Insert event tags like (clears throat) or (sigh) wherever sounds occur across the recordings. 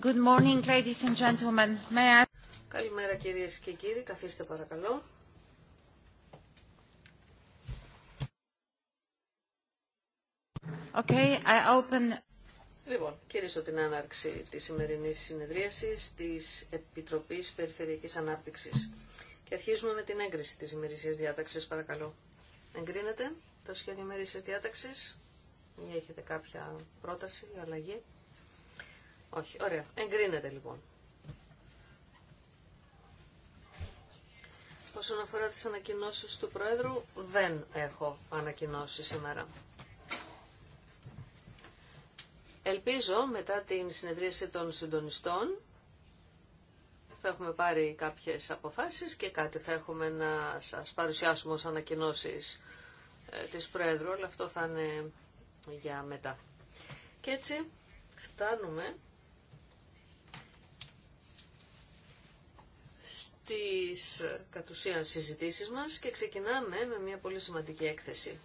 Good morning, ladies and gentlemen. May Καλημέρα κυρίες και κύριοι, καθίστε παρακαλώ. Okay, I open... Λοιπόν, κηρύσω την άναρξη της σημερινής συνεδρίασης της Επιτροπής Περιφερειακής Ανάπτυξης. Και αρχίζουμε με την έγκριση της ημερησίας διάταξης, παρακαλώ. Εγκρίνεται το σχέδιο ημερησίας διάταξης ή έχετε κάποια πρόταση ή αλλαγή. Όχι, ωραία. Εγκρίνεται λοιπόν. Όσον αφορά τις ανακοινώσεις του Πρόεδρου, δεν έχω ανακοινώσει σήμερα. Ελπίζω μετά την συνεδρίαση των συντονιστών θα έχουμε πάρει κάποιες αποφάσεις και κάτι θα έχουμε να σας παρουσιάσουμε ως ανακοινώσεις ε, της Πρόεδρου, αλλά αυτό θα είναι για μετά. Και έτσι φτάνουμε τις κατ' ουσίαν συζητήσεις μας και ξεκινάμε με μια πολύ σημαντική έκθεση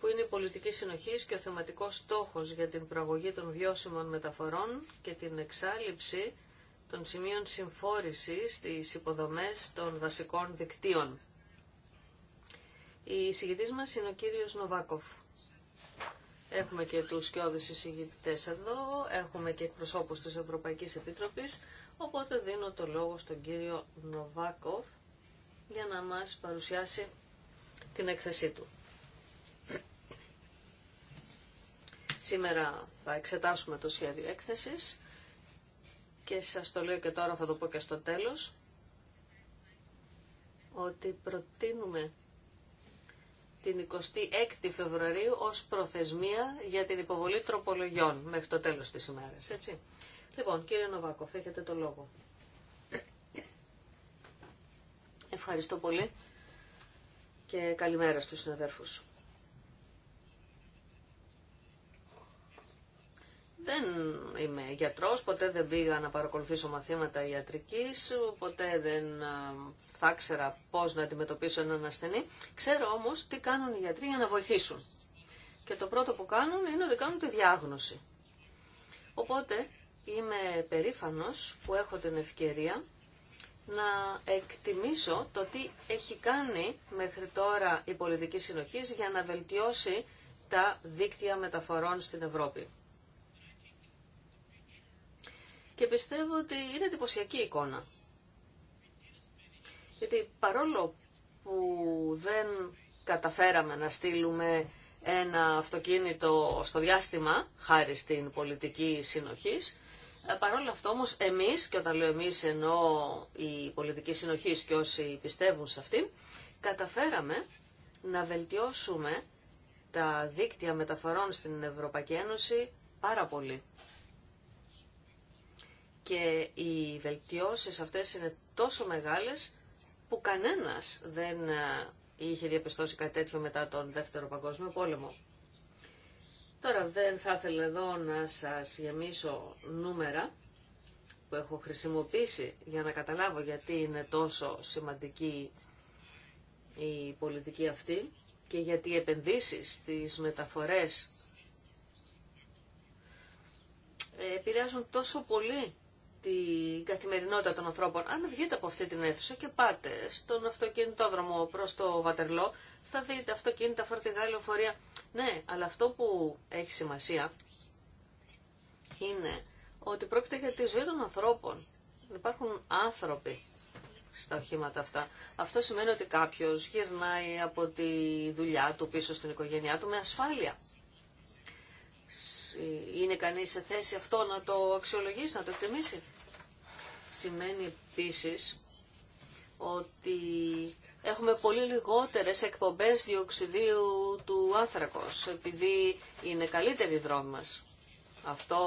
που είναι η πολιτική συνοχή και ο θεματικός στόχος για την προαγωγή των βιώσιμων μεταφορών και την εξάλληψη των σημείων συμφόρησης στις υποδομές των βασικών δικτύων. Η εισηγητής μας είναι ο κύριος Νοβάκοφ. Έχουμε και τους σκιώδες εισηγητές εδώ, έχουμε και εκπροσώπους της Ευρωπαϊκής Επίτροπης. Οπότε δίνω το λόγο στον κύριο Νοβάκοφ για να μας παρουσιάσει την έκθεσή του. Σήμερα θα εξετάσουμε το σχέδιο έκθεσης και σας το λέω και τώρα θα το πω και στο τέλος ότι προτείνουμε την 26η Φεβρουαρίου ως προθεσμία για την υποβολή τροπολογιών μέχρι το τέλος της ημέρας, έτσι. Λοιπόν, κύριε Νοβάκοφ, έχετε το λόγο. Ευχαριστώ πολύ και καλημέρα στους συναδέρφους. Δεν είμαι γιατρός, ποτέ δεν πήγα να παρακολουθήσω μαθήματα ιατρικής, ποτέ δεν θα ξέρα πώς να αντιμετωπίσω έναν ασθενή. Ξέρω όμως τι κάνουν οι γιατροί για να βοηθήσουν. Και το πρώτο που κάνουν είναι ότι κάνουν τη διάγνωση. Οπότε είμαι περήφανος που έχω την ευκαιρία να εκτιμήσω το τι έχει κάνει μέχρι τώρα η πολιτική συνοχή για να βελτιώσει τα δίκτυα μεταφορών στην Ευρώπη. Και πιστεύω ότι είναι εντυπωσιακή εικόνα. Γιατί παρόλο που δεν καταφέραμε να στείλουμε ένα αυτοκίνητο στο διάστημα, χάρη στην πολιτική συνοχής, ε, Παρ' όλα αυτά όμως εμείς, και όταν λέω εμείς εννοώ οι πολιτική συνοχή και όσοι πιστεύουν σε αυτή, καταφέραμε να βελτιώσουμε τα δίκτυα μεταφορών στην Ευρωπαϊκή Ένωση πάρα πολύ. Και οι βελτιώσεις αυτές είναι τόσο μεγάλες που κανένας δεν ε, είχε διαπιστώσει κάτι τέτοιο μετά τον Δεύτερο Παγκόσμιο Πόλεμο. Τώρα δεν θα ήθελα εδώ να σας γεμίσω νούμερα που έχω χρησιμοποιήσει για να καταλάβω γιατί είναι τόσο σημαντική η πολιτική αυτή και γιατί οι επενδύσεις στις μεταφορές επηρεάζουν τόσο πολύ τη η καθημερινότητα των ανθρώπων. Αν βγείτε από αυτή την αίθουσα και πάτε στον αυτοκινητόδρομο προ το Βατερλό, θα δείτε αυτοκίνητα, φορτηγά, λεωφορεία. Ναι, αλλά αυτό που έχει σημασία είναι ότι πρόκειται για τη ζωή των ανθρώπων. Υπάρχουν άνθρωποι στα οχήματα αυτά. Αυτό σημαίνει ότι κάποιο γυρνάει από τη δουλειά του πίσω στην οικογένειά του με ασφάλεια. Ε, είναι κανείς σε θέση αυτό να το αξιολογήσει, να το εκτιμήσει σημαίνει επίσης ότι έχουμε πολύ λιγότερες εκπομπές διοξιδίου του άνθρακος, επειδή είναι καλύτερη η δρόμη μας. Αυτό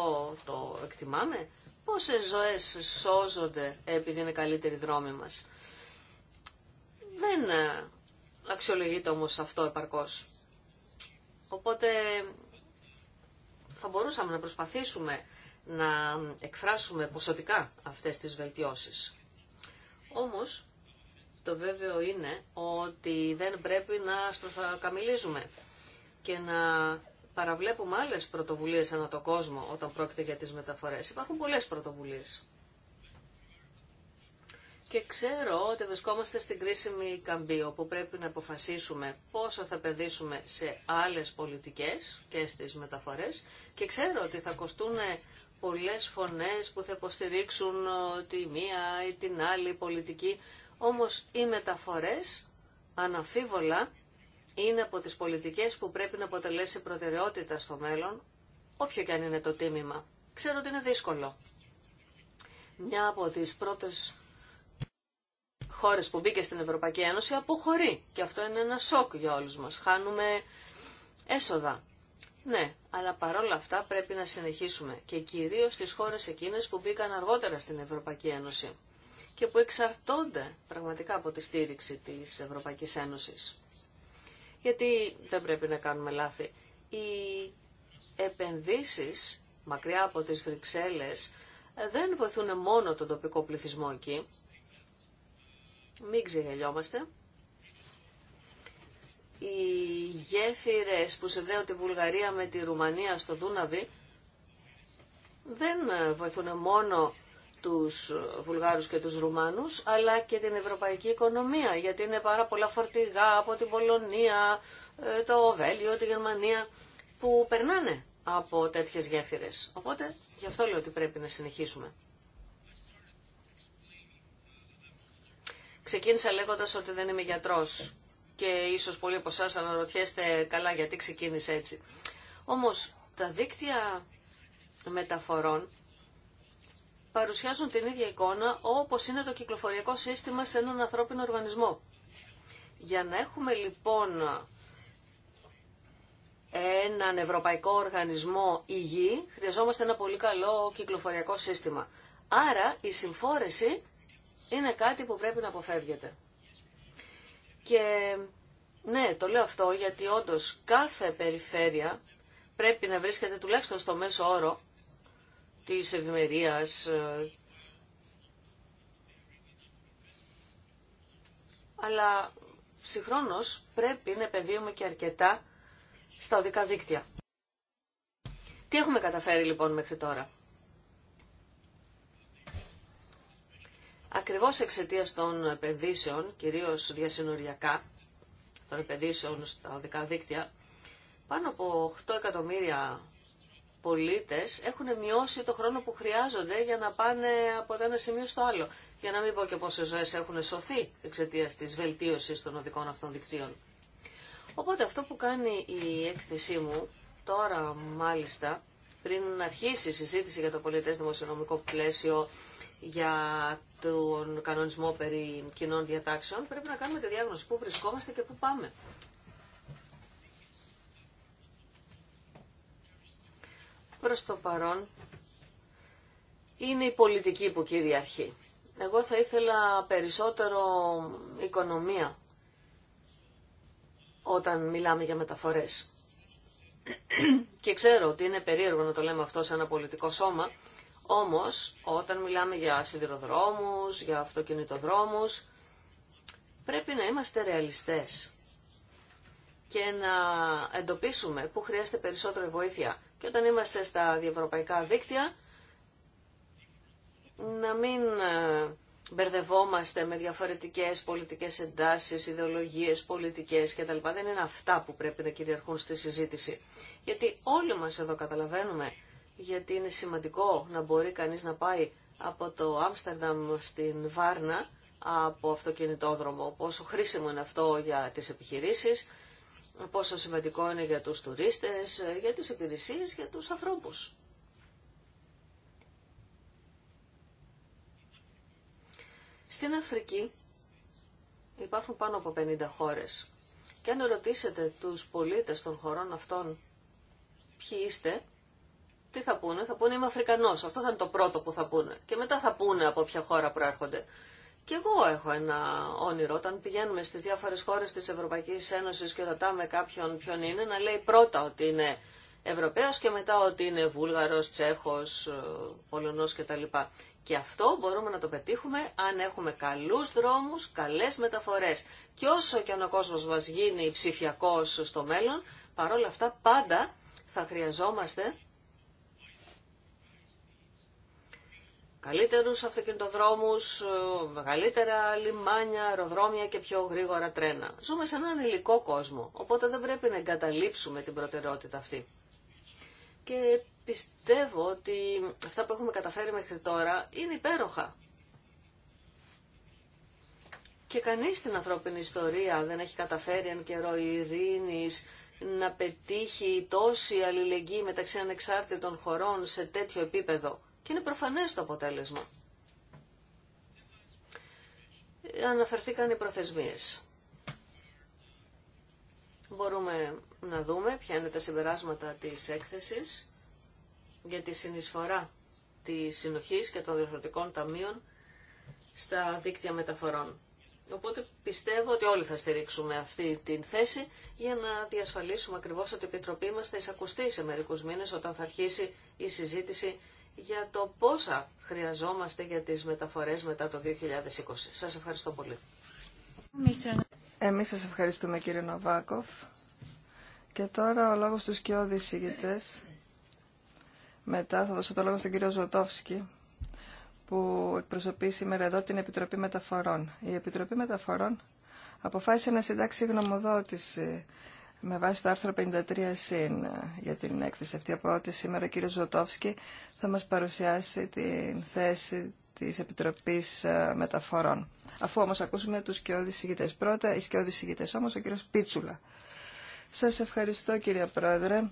το εκτιμάμε. Πόσες ζωές σώζονται επειδή είναι καλύτερη η δρόμη μας. Δεν αξιολογείται όμως αυτό επαρκώς. Οπότε θα μπορούσαμε να προσπαθήσουμε να εκφράσουμε ποσοτικά αυτές τις βελτιώσεις. Όμως, το βέβαιο είναι ότι δεν πρέπει να στροφακαμιλίζουμε και να παραβλέπουμε άλλες πρωτοβουλίες ανά το κόσμο όταν πρόκειται για τις μεταφορές. Υπάρχουν πολλές πρωτοβουλίες. Και ξέρω ότι βρισκόμαστε στην κρίσιμη καμπή, όπου πρέπει να αποφασίσουμε πόσο θα παιδίσουμε σε άλλες πολιτικές και στις μεταφορές και ξέρω ότι θα κοστούν πολλές φωνές που θα υποστηρίξουν τη μία ή την άλλη πολιτική. Όμως οι μεταφορές αναφίβολα, είναι από τις πολιτικές που πρέπει να αποτελέσει προτεραιότητα στο μέλλον, όποιο και αν είναι το τίμημα. Ξέρω ότι είναι δύσκολο. Μια από τις πρώτες χώρες που μπήκε στην Ευρωπαϊκή Ένωση αποχωρεί. Και αυτό είναι ένα σοκ για όλους μας. Χάνουμε έσοδα. Ναι, αλλά παρόλα αυτά πρέπει να συνεχίσουμε και κυρίως στις χώρες εκείνες που μπήκαν αργότερα στην Ευρωπαϊκή Ένωση και που εξαρτώνται πραγματικά από τη στήριξη της Ευρωπαϊκής Ένωσης. Γιατί δεν πρέπει να κάνουμε λάθη. Οι επενδύσεις μακριά από τις Βρυξέλλες δεν βοηθούν μόνο τον τοπικό πληθυσμό εκεί. Μην ξεγελιόμαστε οι γέφυρες που συνδέουν τη Βουλγαρία με τη Ρουμανία στο Δούναβι δεν βοηθούν μόνο τους Βουλγάρους και τους Ρουμάνους, αλλά και την ευρωπαϊκή οικονομία, γιατί είναι πάρα πολλά φορτηγά από την Πολωνία, ε, το Βέλιο, τη Γερμανία, που περνάνε από τέτοιες γέφυρες. Οπότε, γι' αυτό λέω ότι πρέπει να συνεχίσουμε. Ξεκίνησα λέγοντας ότι δεν είμαι γιατρός και ίσως πολλοί από εσά αναρωτιέστε καλά γιατί ξεκίνησε έτσι. Όμως τα δίκτυα μεταφορών παρουσιάζουν την ίδια εικόνα όπως είναι το κυκλοφοριακό σύστημα σε έναν ανθρώπινο οργανισμό. Για να έχουμε λοιπόν έναν ευρωπαϊκό οργανισμό υγιή, χρειαζόμαστε ένα πολύ καλό κυκλοφοριακό σύστημα. Άρα η συμφόρεση είναι κάτι που πρέπει να αποφεύγεται. Και ναι, το λέω αυτό γιατί όντως κάθε περιφέρεια πρέπει να βρίσκεται τουλάχιστον στο μέσο όρο της ευημερία. Ε, αλλά συγχρόνως πρέπει να επενδύουμε και αρκετά στα οδικά δίκτυα. Τι έχουμε καταφέρει λοιπόν μέχρι τώρα. Ακριβώς εξαιτίας των επενδύσεων, κυρίως διασυνοριακά, των επενδύσεων στα οδικά δίκτυα, πάνω από 8 εκατομμύρια πολίτες έχουν μειώσει το χρόνο που χρειάζονται για να πάνε από το ένα σημείο στο άλλο. Για να μην πω και πόσες ζωές έχουν σωθεί εξαιτία της βελτίωσης των οδικών αυτών δικτύων. Οπότε αυτό που κάνει η έκθεσή μου, τώρα μάλιστα, πριν αρχίσει η συζήτηση για το πολιτές δημοσιονομικό πλαίσιο, για τον κανονισμό περί κοινών διατάξεων, πρέπει να κάνουμε τη διάγνωση πού βρισκόμαστε και πού πάμε. Προς το παρόν είναι η πολιτική που κυριαρχεί. Εγώ θα ήθελα περισσότερο οικονομία όταν μιλάμε για μεταφορές. (clears throat) Και ξέρω ότι είναι περίεργο να το λέμε αυτό σε ένα πολιτικό σώμα, όμως, όταν μιλάμε για σιδηροδρόμους, για αυτοκινητοδρόμους, πρέπει να είμαστε ρεαλιστές και να εντοπίσουμε που χρειάζεται περισσότερη βοήθεια. Και όταν είμαστε στα διευρωπαϊκά δίκτυα, να μην ε, μπερδευόμαστε με διαφορετικές πολιτικές εντάσεις, ιδεολογίες, πολιτικές κτλ. Δεν είναι αυτά που πρέπει να κυριαρχούν στη συζήτηση. Γιατί όλοι μας εδώ καταλαβαίνουμε γιατί είναι σημαντικό να μπορεί κανείς να πάει από το Άμστερνταμ στην Βάρνα από αυτοκινητόδρομο. Πόσο χρήσιμο είναι αυτό για τις επιχειρήσεις, πόσο σημαντικό είναι για τους τουρίστες, για τις υπηρεσίες, για τους ανθρώπους. Στην Αφρική υπάρχουν πάνω από 50 χώρες. Και αν ρωτήσετε τους πολίτες των χωρών αυτών ποιοι είστε, τι θα πούνε, θα πούνε είμαι Αφρικανό. αυτό θα είναι το πρώτο που θα πούνε. Και μετά θα πούνε από ποια χώρα προέρχονται. Και εγώ έχω ένα όνειρο, όταν πηγαίνουμε στι διάφορε χώρε τη Ευρωπαϊκή Ένωση και ρωτάμε κάποιον ποιον είναι, να λέει πρώτα ότι είναι Ευρωπαίο και μετά ότι είναι Βούλγαρο, Τσέχο, ε, Πολωνό κτλ. Και αυτό μπορούμε να το πετύχουμε αν έχουμε καλούς δρόμους, καλές μεταφορές. Και όσο και αν ο κόσμος μας γίνει ψηφιακός στο μέλλον, παρόλα αυτά πάντα θα χρειαζόμαστε καλύτερους αυτοκινητοδρόμους, ε, μεγαλύτερα λιμάνια, αεροδρόμια και πιο γρήγορα τρένα. Ζούμε σε έναν υλικό κόσμο, οπότε δεν πρέπει να εγκαταλείψουμε την προτεραιότητα αυτή. Και πιστεύω ότι αυτά που έχουμε καταφέρει μέχρι τώρα είναι υπέροχα. Και κανείς στην ανθρώπινη ιστορία δεν έχει καταφέρει εν καιρό ειρήνης, να πετύχει τόση αλληλεγγύη μεταξύ ανεξάρτητων χωρών σε τέτοιο επίπεδο και είναι προφανές το αποτέλεσμα. Αναφερθήκαν οι προθεσμίες. Μπορούμε να δούμε ποια είναι τα συμπεράσματα της έκθεσης για τη συνεισφορά της συνοχής και των διαφορετικών ταμείων στα δίκτυα μεταφορών. Οπότε πιστεύω ότι όλοι θα στηρίξουμε αυτή την θέση για να διασφαλίσουμε ακριβώς ότι η Επιτροπή μας θα εισακουστεί σε μερικούς μήνες όταν θα αρχίσει η συζήτηση για το πόσα χρειαζόμαστε για τις μεταφορές μετά το 2020. Σας ευχαριστώ πολύ. Εμείς σας ευχαριστούμε κύριε Νοβάκοφ. Και τώρα ο λόγος στους και ηγητές. Μετά θα δώσω το λόγο στον κύριο Ζωτόφσκι που εκπροσωπεί σήμερα εδώ την Επιτροπή Μεταφορών. Η Επιτροπή Μεταφορών αποφάσισε να συντάξει γνωμοδότηση με βάση το άρθρο 53 συν ε, για την έκθεση αυτή. Από ό,τι σήμερα ο κύριος Ζωτόφσκι θα μας παρουσιάσει την θέση της Επιτροπής ε, Μεταφορών. Αφού όμως ακούσουμε τους σκιώδης ηγητές πρώτα, οι σκιώδης ηγητές όμως ο κύριος Πίτσουλα. Σας ευχαριστώ κύριε Πρόεδρε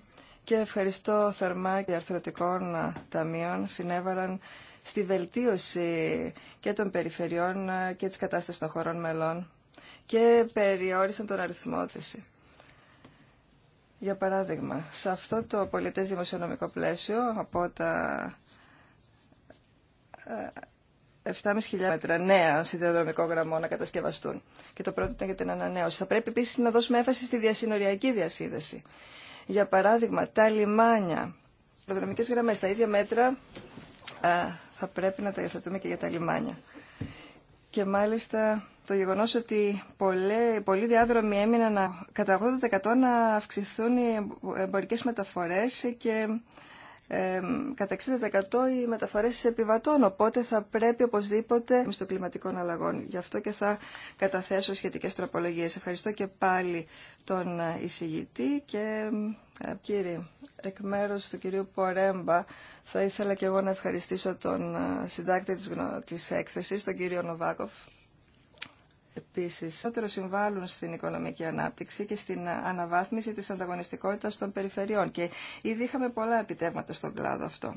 και ευχαριστώ θερμά και αρθρωτικών ε, ταμείων συνέβαλαν στη βελτίωση και των περιφερειών και της κατάστασης των χωρών μελών και περιόρισαν τον αριθμό της. Για παράδειγμα, σε αυτό το πολιτές δημοσιονομικό πλαίσιο, από τα 7.500 ε, μέτρα νέα σιδηροδρομικό γραμμό να κατασκευαστούν. Και το πρώτο ήταν για την ανανέωση. Θα πρέπει επίση να δώσουμε έμφαση στη διασυνοριακή διασύνδεση. Για παράδειγμα, τα λιμάνια, προδρομικές γραμμέ, τα ίδια μέτρα ε, θα πρέπει να τα υιοθετούμε και για τα λιμάνια. Και μάλιστα το γεγονός ότι πολλοί, διάδρομοι έμειναν κατά 80% να αυξηθούν οι εμπορικές μεταφορές και ε, κατά 60% οι μεταφορές επιβατών, οπότε θα πρέπει οπωσδήποτε στο κλιματικών αλλαγών. Γι' αυτό και θα καταθέσω σχετικές τροπολογίες. Ευχαριστώ και πάλι τον εισηγητή και ε, κύριε, εκ μέρους του κυρίου Πορέμπα θα ήθελα και εγώ να ευχαριστήσω τον ε, συντάκτη της, της έκθεσης, τον κύριο Νοβάκοφ Επίσης, περισσότερο συμβάλλουν στην οικονομική ανάπτυξη και στην αναβάθμιση της ανταγωνιστικότητας των περιφερειών και ήδη είχαμε πολλά επιτεύγματα στον κλάδο αυτό.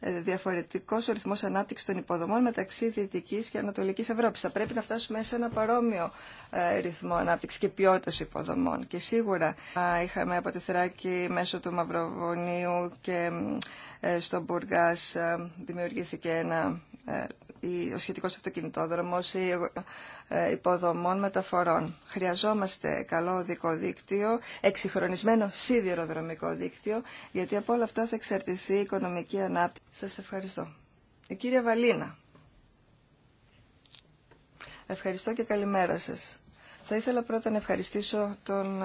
Ε, Διαφορετικό ο ρυθμό ανάπτυξη των υποδομών μεταξύ Δυτικής και Ανατολική Ευρώπη. Θα πρέπει να φτάσουμε σε ένα παρόμοιο ε, ρυθμό ανάπτυξη και ποιότητα υποδομών. Και σίγουρα είχαμε από τη Θράκη μέσω του Μαυροβονίου και ε, στον Μπουργά δημιουργήθηκε ένα ο σχετικός αυτοκινητόδρομος ή ε, υποδομών μεταφορών. Χρειαζόμαστε καλό οδικό δίκτυο, εξυγχρονισμένο σιδηροδρομικό δίκτυο, γιατί από όλα αυτά θα εξαρτηθεί η οικονομική ανάπτυξη. Σας ευχαριστώ. Η κυρία Βαλίνα. Ευχαριστώ και καλημέρα σας. Θα ήθελα πρώτα να ευχαριστήσω τον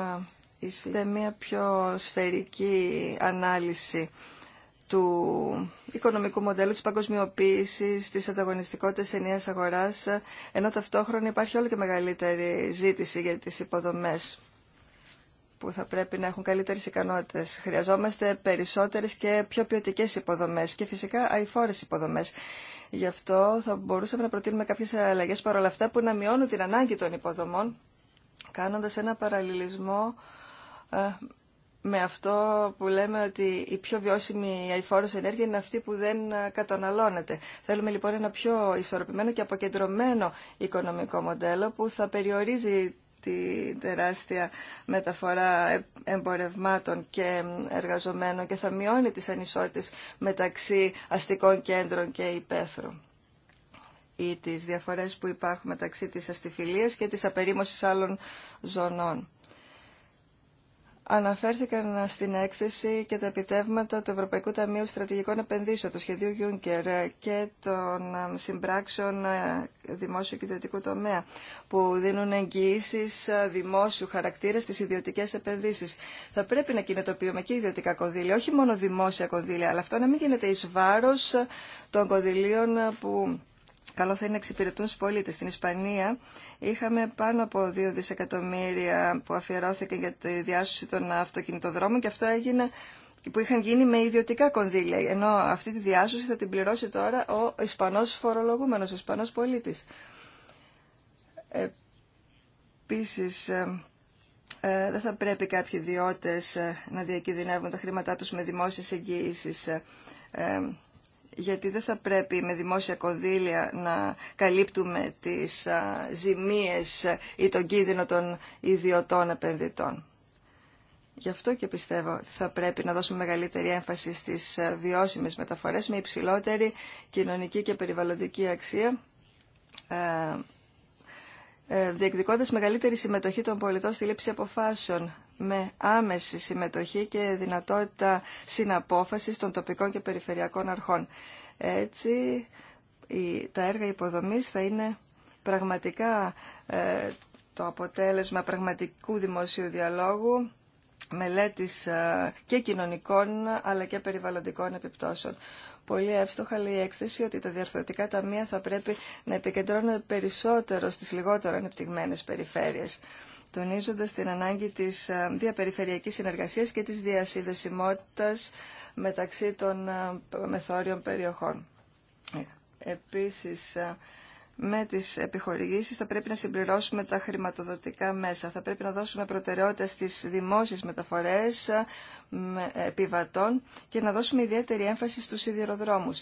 Είναι μια πιο σφαιρική ανάλυση του οικονομικού μοντέλου, της παγκοσμιοποίησης, της ανταγωνιστικότητας ενιαίας αγοράς, ενώ ταυτόχρονα υπάρχει όλο και μεγαλύτερη ζήτηση για τις υποδομές που θα πρέπει να έχουν καλύτερες ικανότητες. Χρειαζόμαστε περισσότερες και πιο ποιοτικέ υποδομές και φυσικά αηφόρες υποδομές. Γι' αυτό θα μπορούσαμε να προτείνουμε κάποιες αλλαγές παρόλα αυτά που να μειώνουν την ανάγκη των υποδομών, κάνοντας ένα παραλληλισμό ε, με αυτό που λέμε ότι η πιο βιώσιμη αηφόρος ενέργεια είναι αυτή που δεν ε, καταναλώνεται. Θέλουμε λοιπόν ένα πιο ισορροπημένο και αποκεντρωμένο οικονομικό μοντέλο που θα περιορίζει τη τεράστια μεταφορά ε, εμπορευμάτων και ε, εργαζομένων και θα μειώνει τις ανισότητες μεταξύ αστικών κέντρων και υπαίθρων ή τις διαφορές που υπάρχουν μεταξύ της αστιφιλίας και της απερίμωσης άλλων ζωνών αναφέρθηκαν στην έκθεση και τα επιτεύγματα του Ευρωπαϊκού Ταμείου Στρατηγικών Επενδύσεων, του σχεδίου Juncker ε, και των ε, συμπράξεων ε, δημόσιου και ιδιωτικού τομέα, που δίνουν εγγυήσει δημόσιου χαρακτήρα στι ιδιωτικέ επενδύσει. Θα πρέπει να κινητοποιούμε και ιδιωτικά κονδύλια, όχι μόνο δημόσια κονδύλια, αλλά αυτό να μην γίνεται ει βάρο των κονδυλίων που καλό θα είναι να εξυπηρετούν στους πολίτες. Στην Ισπανία είχαμε πάνω από 2 δισεκατομμύρια που αφιερώθηκαν για τη διάσωση των αυτοκινητοδρόμων και αυτό έγινε που είχαν γίνει με ιδιωτικά κονδύλια, ενώ αυτή τη διάσωση θα την πληρώσει τώρα ο Ισπανός φορολογούμενος, ο Ισπανός πολίτης. Επίσης, ε, ε, δεν θα πρέπει κάποιοι ιδιώτες ε, να διακινδυνεύουν τα χρήματά τους με δημόσιες εγγύησεις γιατί δεν θα πρέπει με δημόσια κονδύλια να καλύπτουμε τις ζημίες ή τον κίνδυνο των ιδιωτών επενδυτών. Γι' αυτό και πιστεύω ότι θα πρέπει να δώσουμε μεγαλύτερη έμφαση στις βιώσιμες μεταφορές με υψηλότερη κοινωνική και περιβαλλοντική αξία, ε, διεκδικώντας μεγαλύτερη συμμετοχή των πολιτών στη λήψη αποφάσεων με άμεση συμμετοχή και δυνατότητα συναπόφασης των τοπικών και περιφερειακών αρχών. Έτσι, τα έργα υποδομής θα είναι πραγματικά ε, το αποτέλεσμα πραγματικού δημοσίου διαλόγου, μελέτης ε, και κοινωνικών αλλά και περιβαλλοντικών επιπτώσεων. Πολύ εύστοχα λέει η έκθεση ότι τα διαρθρωτικά ταμεία θα πρέπει να επικεντρώνονται περισσότερο στις λιγότερο ανεπτυγμένες περιφέρειες τονίζοντας την ανάγκη της ε, διαπεριφερειακής συνεργασίας και της διασυνδεσιμότητας μεταξύ των ε, μεθόριων περιοχών. Επίσης, ε, με τις επιχορηγήσεις θα πρέπει να συμπληρώσουμε τα χρηματοδοτικά μέσα. Θα πρέπει να δώσουμε προτεραιότητα στις δημόσιες μεταφορές επιβατών και να δώσουμε ιδιαίτερη έμφαση στους σιδηροδρόμους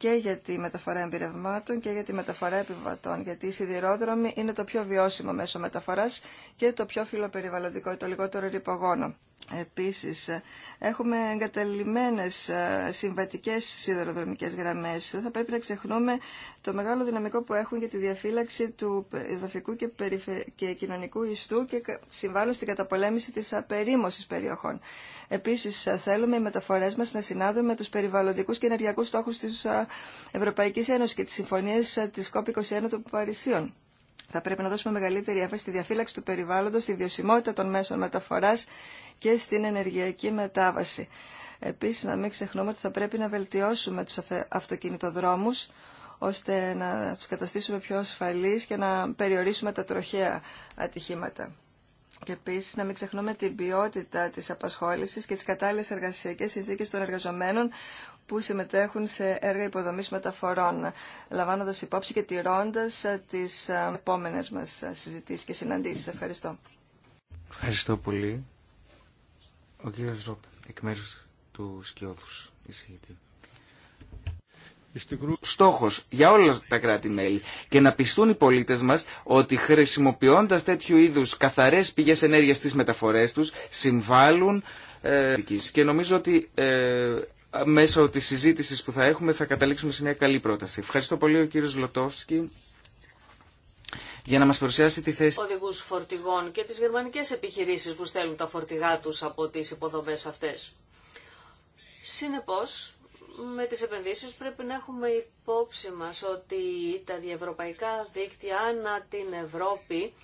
και για τη μεταφορά εμπειρευμάτων και για τη μεταφορά επιβατών, γιατί οι σιδηρόδρομοι είναι το πιο βιώσιμο μέσο μεταφοράς και το πιο φιλοπεριβαλλοντικό, το λιγότερο ρηπογόνο. Επίσης, έχουμε εγκαταλειμμένες ε, συμβατικές σιδηροδρομικές γραμμές. Δεν θα πρέπει να ξεχνούμε το μεγάλο δυναμικό που έχουν για τη διαφύλαξη του εδαφικού και, περιφε... κοινωνικού ιστού και συμβάλλουν στην καταπολέμηση της απερίμωσης περιοχών. Επίσης, ε, θέλουμε οι μεταφορές μας να συνάδουν με τους περιβαλλοντικούς και ενεργειακούς στόχους της ε, Ευρωπαϊκής Ένωσης και τις συμφωνίες της COP21 των Παρισίων. Θα πρέπει να δώσουμε μεγαλύτερη έμφαση στη διαφύλαξη του περιβάλλοντος, στη βιωσιμότητα των μέσων μεταφοράς και στην ενεργειακή μετάβαση. Επίσης, να μην ξεχνούμε ότι θα πρέπει να βελτιώσουμε τους αυτοκινητοδρόμους, ώστε να τους καταστήσουμε πιο ασφαλείς και να περιορίσουμε τα τροχαία ατυχήματα. Και επίση να μην ξεχνούμε την ποιότητα τη απασχόληση και τι κατάλληλε εργασιακέ συνθήκε των εργαζομένων που συμμετέχουν σε έργα υποδομή μεταφορών, λαμβάνοντα υπόψη και τηρώντα ε, τι ε, επόμενε μα ε, συζητήσει και συναντήσει. Ευχαριστώ. Ευχαριστώ πολύ. Ο κύριο Ροπ, εκ μέρου του Σκιώδου, εισηγητή στόχος για όλα τα κράτη-μέλη και να πιστούν οι πολίτες μας ότι χρησιμοποιώντας τέτοιου είδους καθαρές πηγές ενέργειας στις μεταφορές τους συμβάλλουν ε, και νομίζω ότι ε, μέσω της συζήτησης που θα έχουμε θα καταλήξουμε σε μια καλή πρόταση. Ευχαριστώ πολύ ο κύριος Λοτόφσκι για να μας παρουσιάσει τη θέση οδηγούς φορτηγών και τις γερμανικές επιχειρήσεις που στέλνουν τα φορτηγά τους από τις υποδομές αυτές. Συνεπώς, με τις επενδύσεις πρέπει να έχουμε υπόψη μας ότι τα διευρωπαϊκά δίκτυα ανά την Ευρώπη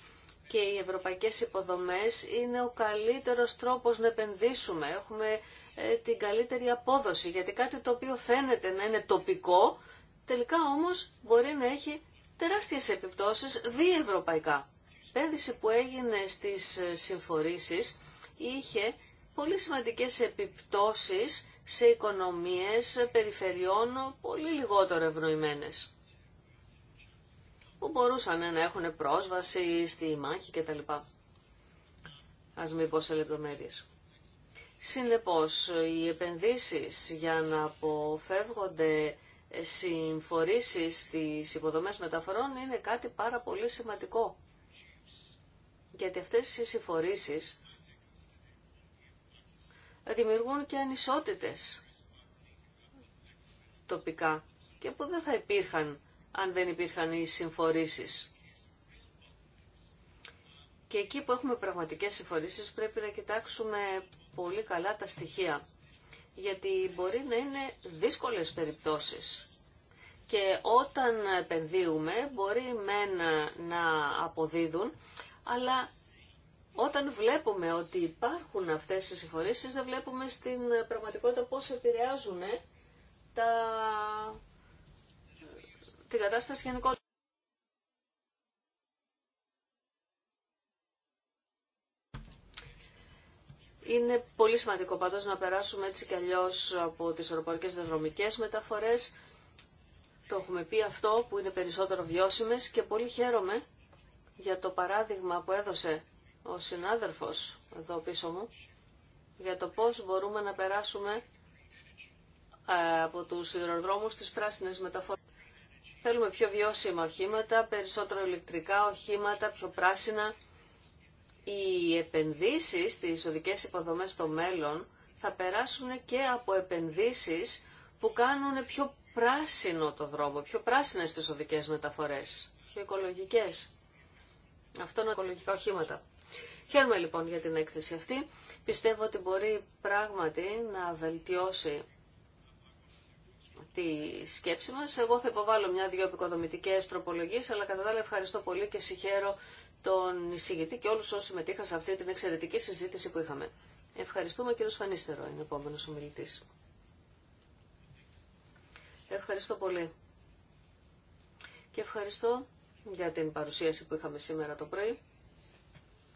και οι ευρωπαϊκές υποδομές είναι ο καλύτερος τρόπος να επενδύσουμε. Έχουμε ε, την καλύτερη απόδοση, γιατί κάτι το οποίο φαίνεται να είναι τοπικό, τελικά όμως μπορεί να έχει τεράστιες επιπτώσεις διευρωπαϊκά. Η επένδυση που έγινε στις ε, συμφορήσεις είχε πολύ σημαντικές επιπτώσεις σε οικονομίες περιφερειών πολύ λιγότερο ευνοημένες που μπορούσαν ναι, να έχουν πρόσβαση στη μάχη κτλ. Ας μην πω σε λεπτομέρειες. Συνεπώς, οι επενδύσεις για να αποφεύγονται συμφορήσεις στις υποδομές μεταφορών είναι κάτι πάρα πολύ σημαντικό. Γιατί αυτές οι συμφορήσεις δημιουργούν και ανισότητες τοπικά και που δεν θα υπήρχαν αν δεν υπήρχαν οι συμφορήσεις. Και εκεί που έχουμε πραγματικές συμφορήσεις πρέπει να κοιτάξουμε πολύ καλά τα στοιχεία. Γιατί μπορεί να είναι δύσκολες περιπτώσεις. Και όταν επενδύουμε μπορεί μεν να αποδίδουν, αλλά όταν βλέπουμε ότι υπάρχουν αυτές οι συμφορήσεις, δεν βλέπουμε στην πραγματικότητα πώς επηρεάζουν ε, τα... την κατάσταση γενικότερα. Είναι πολύ σημαντικό πάντως να περάσουμε έτσι κι αλλιώς από τις οροπορικές δρομικές μεταφορές. Το έχουμε πει αυτό που είναι περισσότερο βιώσιμες και πολύ χαίρομαι για το παράδειγμα που έδωσε ο συνάδελφος εδώ πίσω μου για το πώς μπορούμε να περάσουμε ε, από τους σιδηροδρόμους στις πράσινες μεταφορές. Θέλουμε πιο βιώσιμα οχήματα, περισσότερο ηλεκτρικά οχήματα, πιο πράσινα. Οι επενδύσεις στις οδικές υποδομές στο μέλλον θα περάσουν και από επενδύσεις που κάνουν πιο πράσινο το δρόμο, πιο πράσινες τις οδικές μεταφορές, πιο οικολογικές. Αυτό είναι οικολογικά οχήματα. Χαίρομαι λοιπόν για την έκθεση αυτή. Πιστεύω ότι μπορεί πράγματι να βελτιώσει τη σκέψη μας. Εγώ θα υποβάλω μια-δυο επικοδομητικές τροπολογίες, αλλά κατά τα άλλα ευχαριστώ πολύ και συγχαίρω τον εισηγητή και όλους όσοι συμμετείχαν σε αυτή την εξαιρετική συζήτηση που είχαμε. Ευχαριστούμε κύριο Φανίστερο, είναι επόμενος ομιλητής. Ευχαριστώ πολύ. Και ευχαριστώ για την παρουσίαση που είχαμε σήμερα το πρωί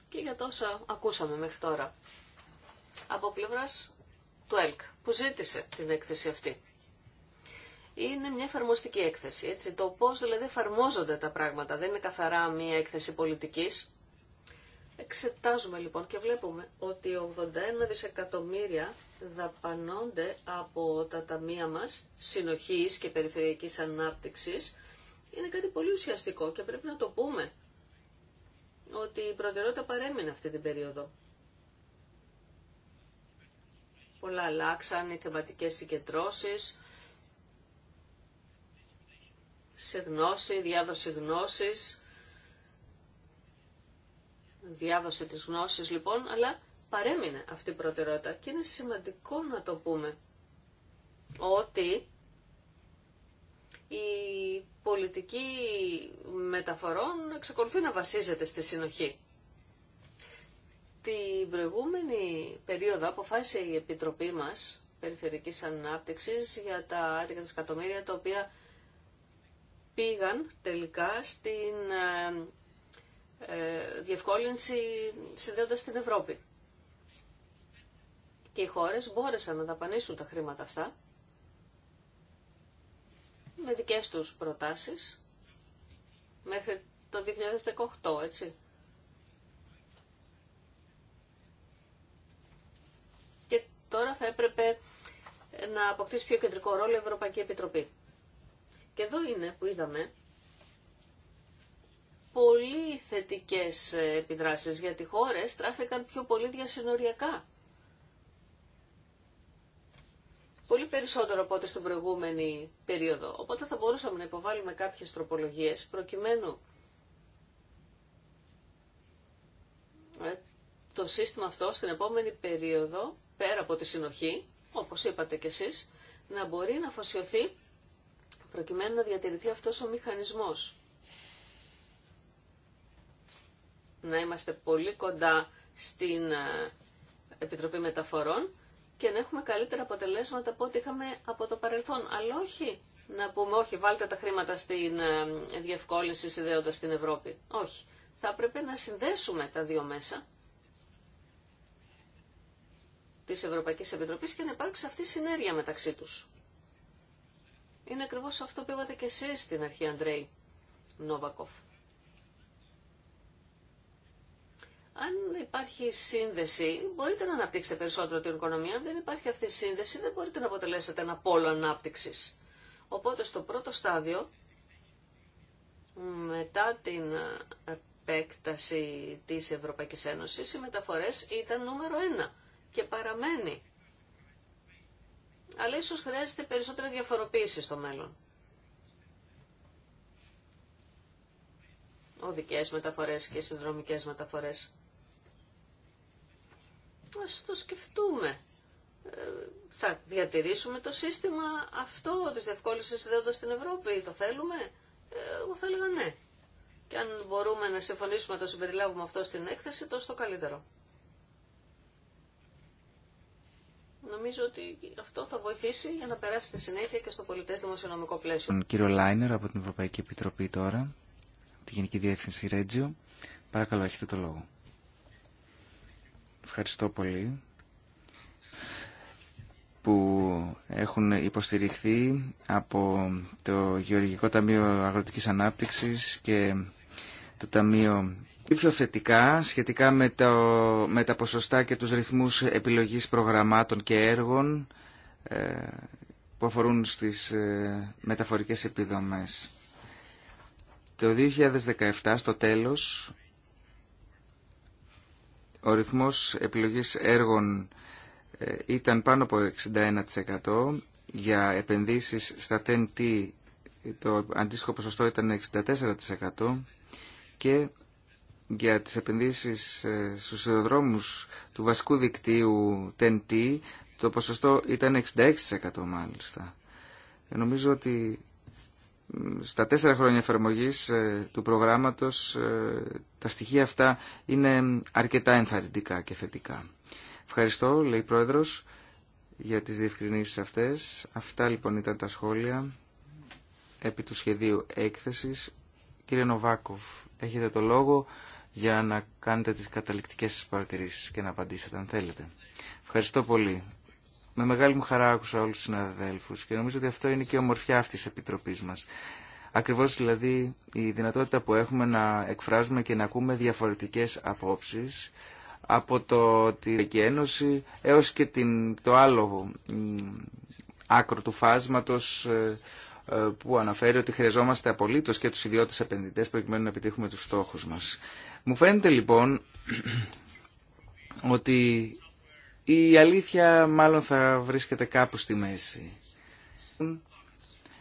και για τόσα ακούσαμε μέχρι τώρα από πλευρά του ΕΛΚ που ζήτησε την έκθεση αυτή. Είναι μια εφαρμοστική έκθεση, έτσι, το πώ δηλαδή εφαρμόζονται τα πράγματα, δεν είναι καθαρά μια έκθεση πολιτικής. Εξετάζουμε λοιπόν και βλέπουμε ότι 81 δισεκατομμύρια δαπανώνται από τα ταμεία μας, συνοχής και περιφερειακής ανάπτυξης, είναι κάτι πολύ ουσιαστικό και πρέπει να το πούμε ότι η προτεραιότητα παρέμεινε αυτή την περίοδο. Πολλά αλλάξαν, οι θεματικές συγκεντρώσεις, σε γνώση, διάδοση γνώσης, διάδοση της γνώσης λοιπόν, αλλά παρέμεινε αυτή η προτεραιότητα και είναι σημαντικό να το πούμε ότι η πολιτική μεταφορών εξακολουθεί να βασίζεται στη συνοχή. Την προηγούμενη περίοδο αποφάσισε η Επιτροπή μας Περιφερικής Ανάπτυξης για τα 11 δισεκατομμύρια τα οποία πήγαν τελικά στην ε, ε, διευκόλυνση συνδέοντας την Ευρώπη. Και οι χώρες μπόρεσαν να δαπανίσουν τα χρήματα αυτά με δικές τους προτάσεις μέχρι το 2018, έτσι. Και τώρα θα έπρεπε να αποκτήσει πιο κεντρικό ρόλο η Ευρωπαϊκή Επιτροπή. Και εδώ είναι που είδαμε πολύ θετικές επιδράσεις, γιατί χώρες τράφηκαν πιο πολύ διασυνοριακά πολύ περισσότερο από ό,τι στην προηγούμενη περίοδο. Οπότε θα μπορούσαμε να υποβάλουμε κάποιες τροπολογίες προκειμένου ε, το σύστημα αυτό στην επόμενη περίοδο, πέρα από τη συνοχή, όπως είπατε κι εσείς, να μπορεί να αφοσιωθεί προκειμένου να διατηρηθεί αυτός ο μηχανισμός. Να είμαστε πολύ κοντά στην ε, Επιτροπή Μεταφορών και να έχουμε καλύτερα αποτελέσματα από ό,τι είχαμε από το παρελθόν. Αλλά όχι να πούμε όχι βάλτε τα χρήματα στην ε, διευκόλυνση συνδέοντα την Ευρώπη. Όχι. Θα πρέπει να συνδέσουμε τα δύο μέσα τη Ευρωπαϊκή Επιτροπή και να υπάρξει αυτή η συνέργεια μεταξύ τους. Είναι ακριβώ αυτό που είπατε και εσείς στην αρχή, Αντρέη Νόβακοφ. Αν υπάρχει σύνδεση, μπορείτε να αναπτύξετε περισσότερο την οικονομία. Αν δεν υπάρχει αυτή η σύνδεση, δεν μπορείτε να αποτελέσετε ένα πόλο ανάπτυξη. Οπότε στο πρώτο στάδιο, μετά την επέκταση της Ευρωπαϊκής Ένωσης, οι μεταφορές ήταν νούμερο ένα και παραμένει. Αλλά ίσως χρειάζεται περισσότερη διαφοροποίηση στο μέλλον. οδικές μεταφορές και συνδρομικές μεταφορές. Ας το σκεφτούμε. Ε, θα διατηρήσουμε το σύστημα αυτό της διευκόλυνσης ιδέοντας στην Ευρώπη. Το θέλουμε. Ε, εγώ θα έλεγα ναι. Και αν μπορούμε να συμφωνήσουμε να το συμπεριλάβουμε αυτό στην έκθεση, τόσο το καλύτερο. Νομίζω ότι αυτό θα βοηθήσει για να περάσει στη συνέχεια και στο πολιτέ δημοσιονομικό πλαίσιο. Τον κύριο Λάινερ από την Ευρωπαϊκή Επιτροπή τώρα, τη Γενική Διεύθυνση Ρέτζιο. Παρακαλώ, έχετε το λόγο ευχαριστώ πολύ που έχουν υποστηριχθεί από το Γεωργικό Ταμείο Αγροτικής Ανάπτυξης και το Ταμείο πιο θετικά σχετικά με, το, με τα ποσοστά και τους ρυθμούς επιλογής προγραμμάτων και έργων ε, που αφορούν στις ε, μεταφορικές επιδομές. Το 2017 στο τέλος ο ρυθμός επιλογής έργων ε, ήταν πάνω από 61% για επενδύσεις στα TNT το αντίστοιχο ποσοστό ήταν 64% και για τις επενδύσεις ε, στους αεροδρόμους του βασικού δικτύου TNT το ποσοστό ήταν 66% μάλιστα. Ε, νομίζω ότι στα τέσσερα χρόνια εφαρμογής ε, του προγράμματος ε, τα στοιχεία αυτά είναι αρκετά ενθαρρυντικά και θετικά. Ευχαριστώ, λέει η Πρόεδρος, για τις διευκρινήσεις αυτές. Αυτά λοιπόν ήταν τα σχόλια επί του σχεδίου έκθεσης. Κύριε Νοβάκοφ, έχετε το λόγο για να κάνετε τις καταληκτικές σας παρατηρήσεις και να απαντήσετε αν θέλετε. Ευχαριστώ πολύ. Με μεγάλη μου χαρά άκουσα όλους τους συναδέλφου και νομίζω ότι αυτό είναι και η ομορφιά αυτής τη Επιτροπής μας. Ακριβώς δηλαδή η δυνατότητα που έχουμε να εκφράζουμε και να ακούμε διαφορετικές απόψεις από το τη Ένωση έως και την, το άλλο άκρο του φάσματος ε, ε, που αναφέρει ότι χρειαζόμαστε απολύτω και του ιδιώτε επενδυτέ προκειμένου να επιτύχουμε του στόχου μα. Μου φαίνεται λοιπόν ότι η αλήθεια μάλλον θα βρίσκεται κάπου στη μέση.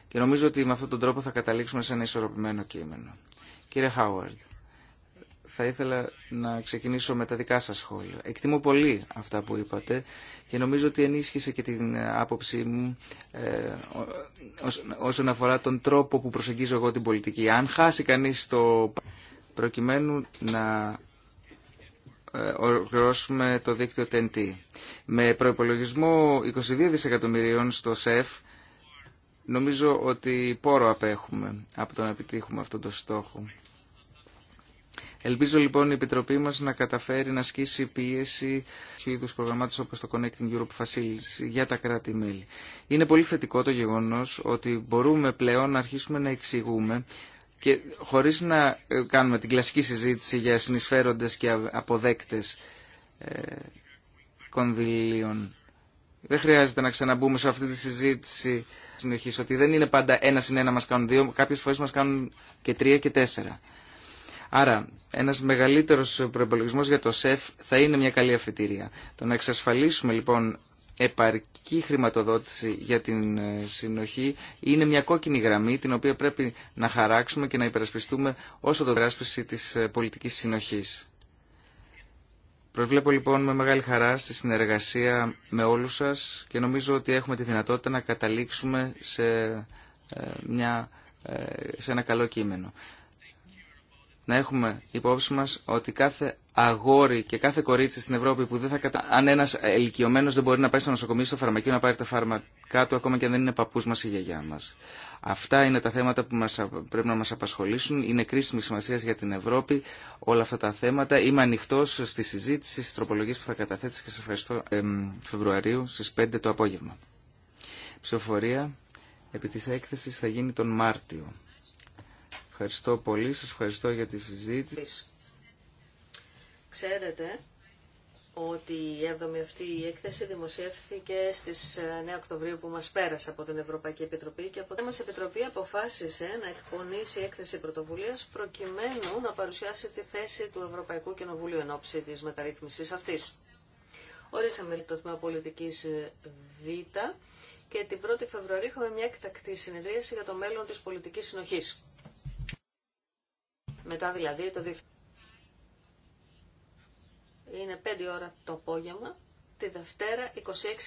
Και νομίζω ότι με αυτόν τον τρόπο θα καταλήξουμε σε ένα ισορροπημένο κείμενο. Κύριε Χάουαρντ, θα ήθελα να ξεκινήσω με τα δικά σας σχόλια. Εκτιμώ πολύ αυτά που είπατε και νομίζω ότι ενίσχυσε και την άποψή μου ε, όσον αφορά τον τρόπο που προσεγγίζω εγώ την πολιτική. Αν χάσει κανείς το προκειμένου να ε, ολοκληρώσουμε το δίκτυο TNT. Με προϋπολογισμό 22 δισεκατομμυρίων στο ΣΕΦ, νομίζω ότι πόρο απέχουμε από το να επιτύχουμε αυτόν τον στόχο. Ελπίζω λοιπόν η Επιτροπή μας να καταφέρει να ασκήσει πίεση και είδους προγραμμάτων όπως το Connecting Europe Facilities για τα κράτη-μέλη. Είναι πολύ θετικό το γεγονός ότι μπορούμε πλέον να αρχίσουμε να εξηγούμε και χωρίς να ε, κάνουμε την κλασική συζήτηση για συνεισφέροντες και αποδέκτες ε, κονδυλίων. Δεν χρειάζεται να ξαναμπούμε σε αυτή τη συζήτηση συνεχίζω ότι δεν είναι πάντα ένα συν ένα μας κάνουν δύο, κάποιες φορές μας κάνουν και τρία και τέσσερα. Άρα, ένα μεγαλύτερο προπολογισμό για το ΣΕΦ θα είναι μια καλή αφιτηρία. Το να εξασφαλίσουμε λοιπόν επαρκή χρηματοδότηση για την ε, συνοχή είναι μια κόκκινη γραμμή την οποία πρέπει να χαράξουμε και να υπερασπιστούμε όσο το δράσπιση της ε, πολιτικής συνοχής. Προσβλέπω λοιπόν με μεγάλη χαρά στη συνεργασία με όλους σας και νομίζω ότι έχουμε τη δυνατότητα να καταλήξουμε σε, ε, μια, σε ένα καλό κείμενο να έχουμε υπόψη μας ότι κάθε αγόρι και κάθε κορίτσι στην Ευρώπη που δεν θα κατα... αν ένας ελικιωμένος δεν μπορεί να πάει στο νοσοκομείο στο φαρμακείο να πάρει τα φάρμακά του ακόμα και αν δεν είναι παππούς μας ή γιαγιά μας. Αυτά είναι τα θέματα που μας, πρέπει να μας απασχολήσουν. Είναι κρίσιμη σημασία για την Ευρώπη όλα αυτά τα θέματα. Είμαι ανοιχτό στη συζήτηση, στις τροπολογίες που θα καταθέτεις και σας ευχαριστώ Φεβρουαρίου στις 5 το απόγευμα. Ψηφοφορία επί της έκθεσης θα γίνει τον Μάρτιο. Ευχαριστώ πολύ. Σας ευχαριστώ για τη συζήτηση. Ξέρετε ότι η 7η αυτή η έκθεση δημοσιεύθηκε στις 9 Οκτωβρίου που μας πέρασε από την Ευρωπαϊκή Επιτροπή και από την μας Επιτροπή αποφάσισε να εκπονήσει έκθεση πρωτοβουλίας προκειμένου να παρουσιάσει τη θέση του Ευρωπαϊκού Κοινοβουλίου εν ώψη της μεταρρύθμισης αυτής. Ορίσαμε το τμήμα πολιτικής Β και την 1η Φεβρουαρίου είχαμε μια εκτακτή συνεδρίαση για το μέλλον της πολιτικής συνοχής. Μετά δηλαδή το 2000. Είναι 5 ώρα το απόγευμα, τη Δευτέρα 26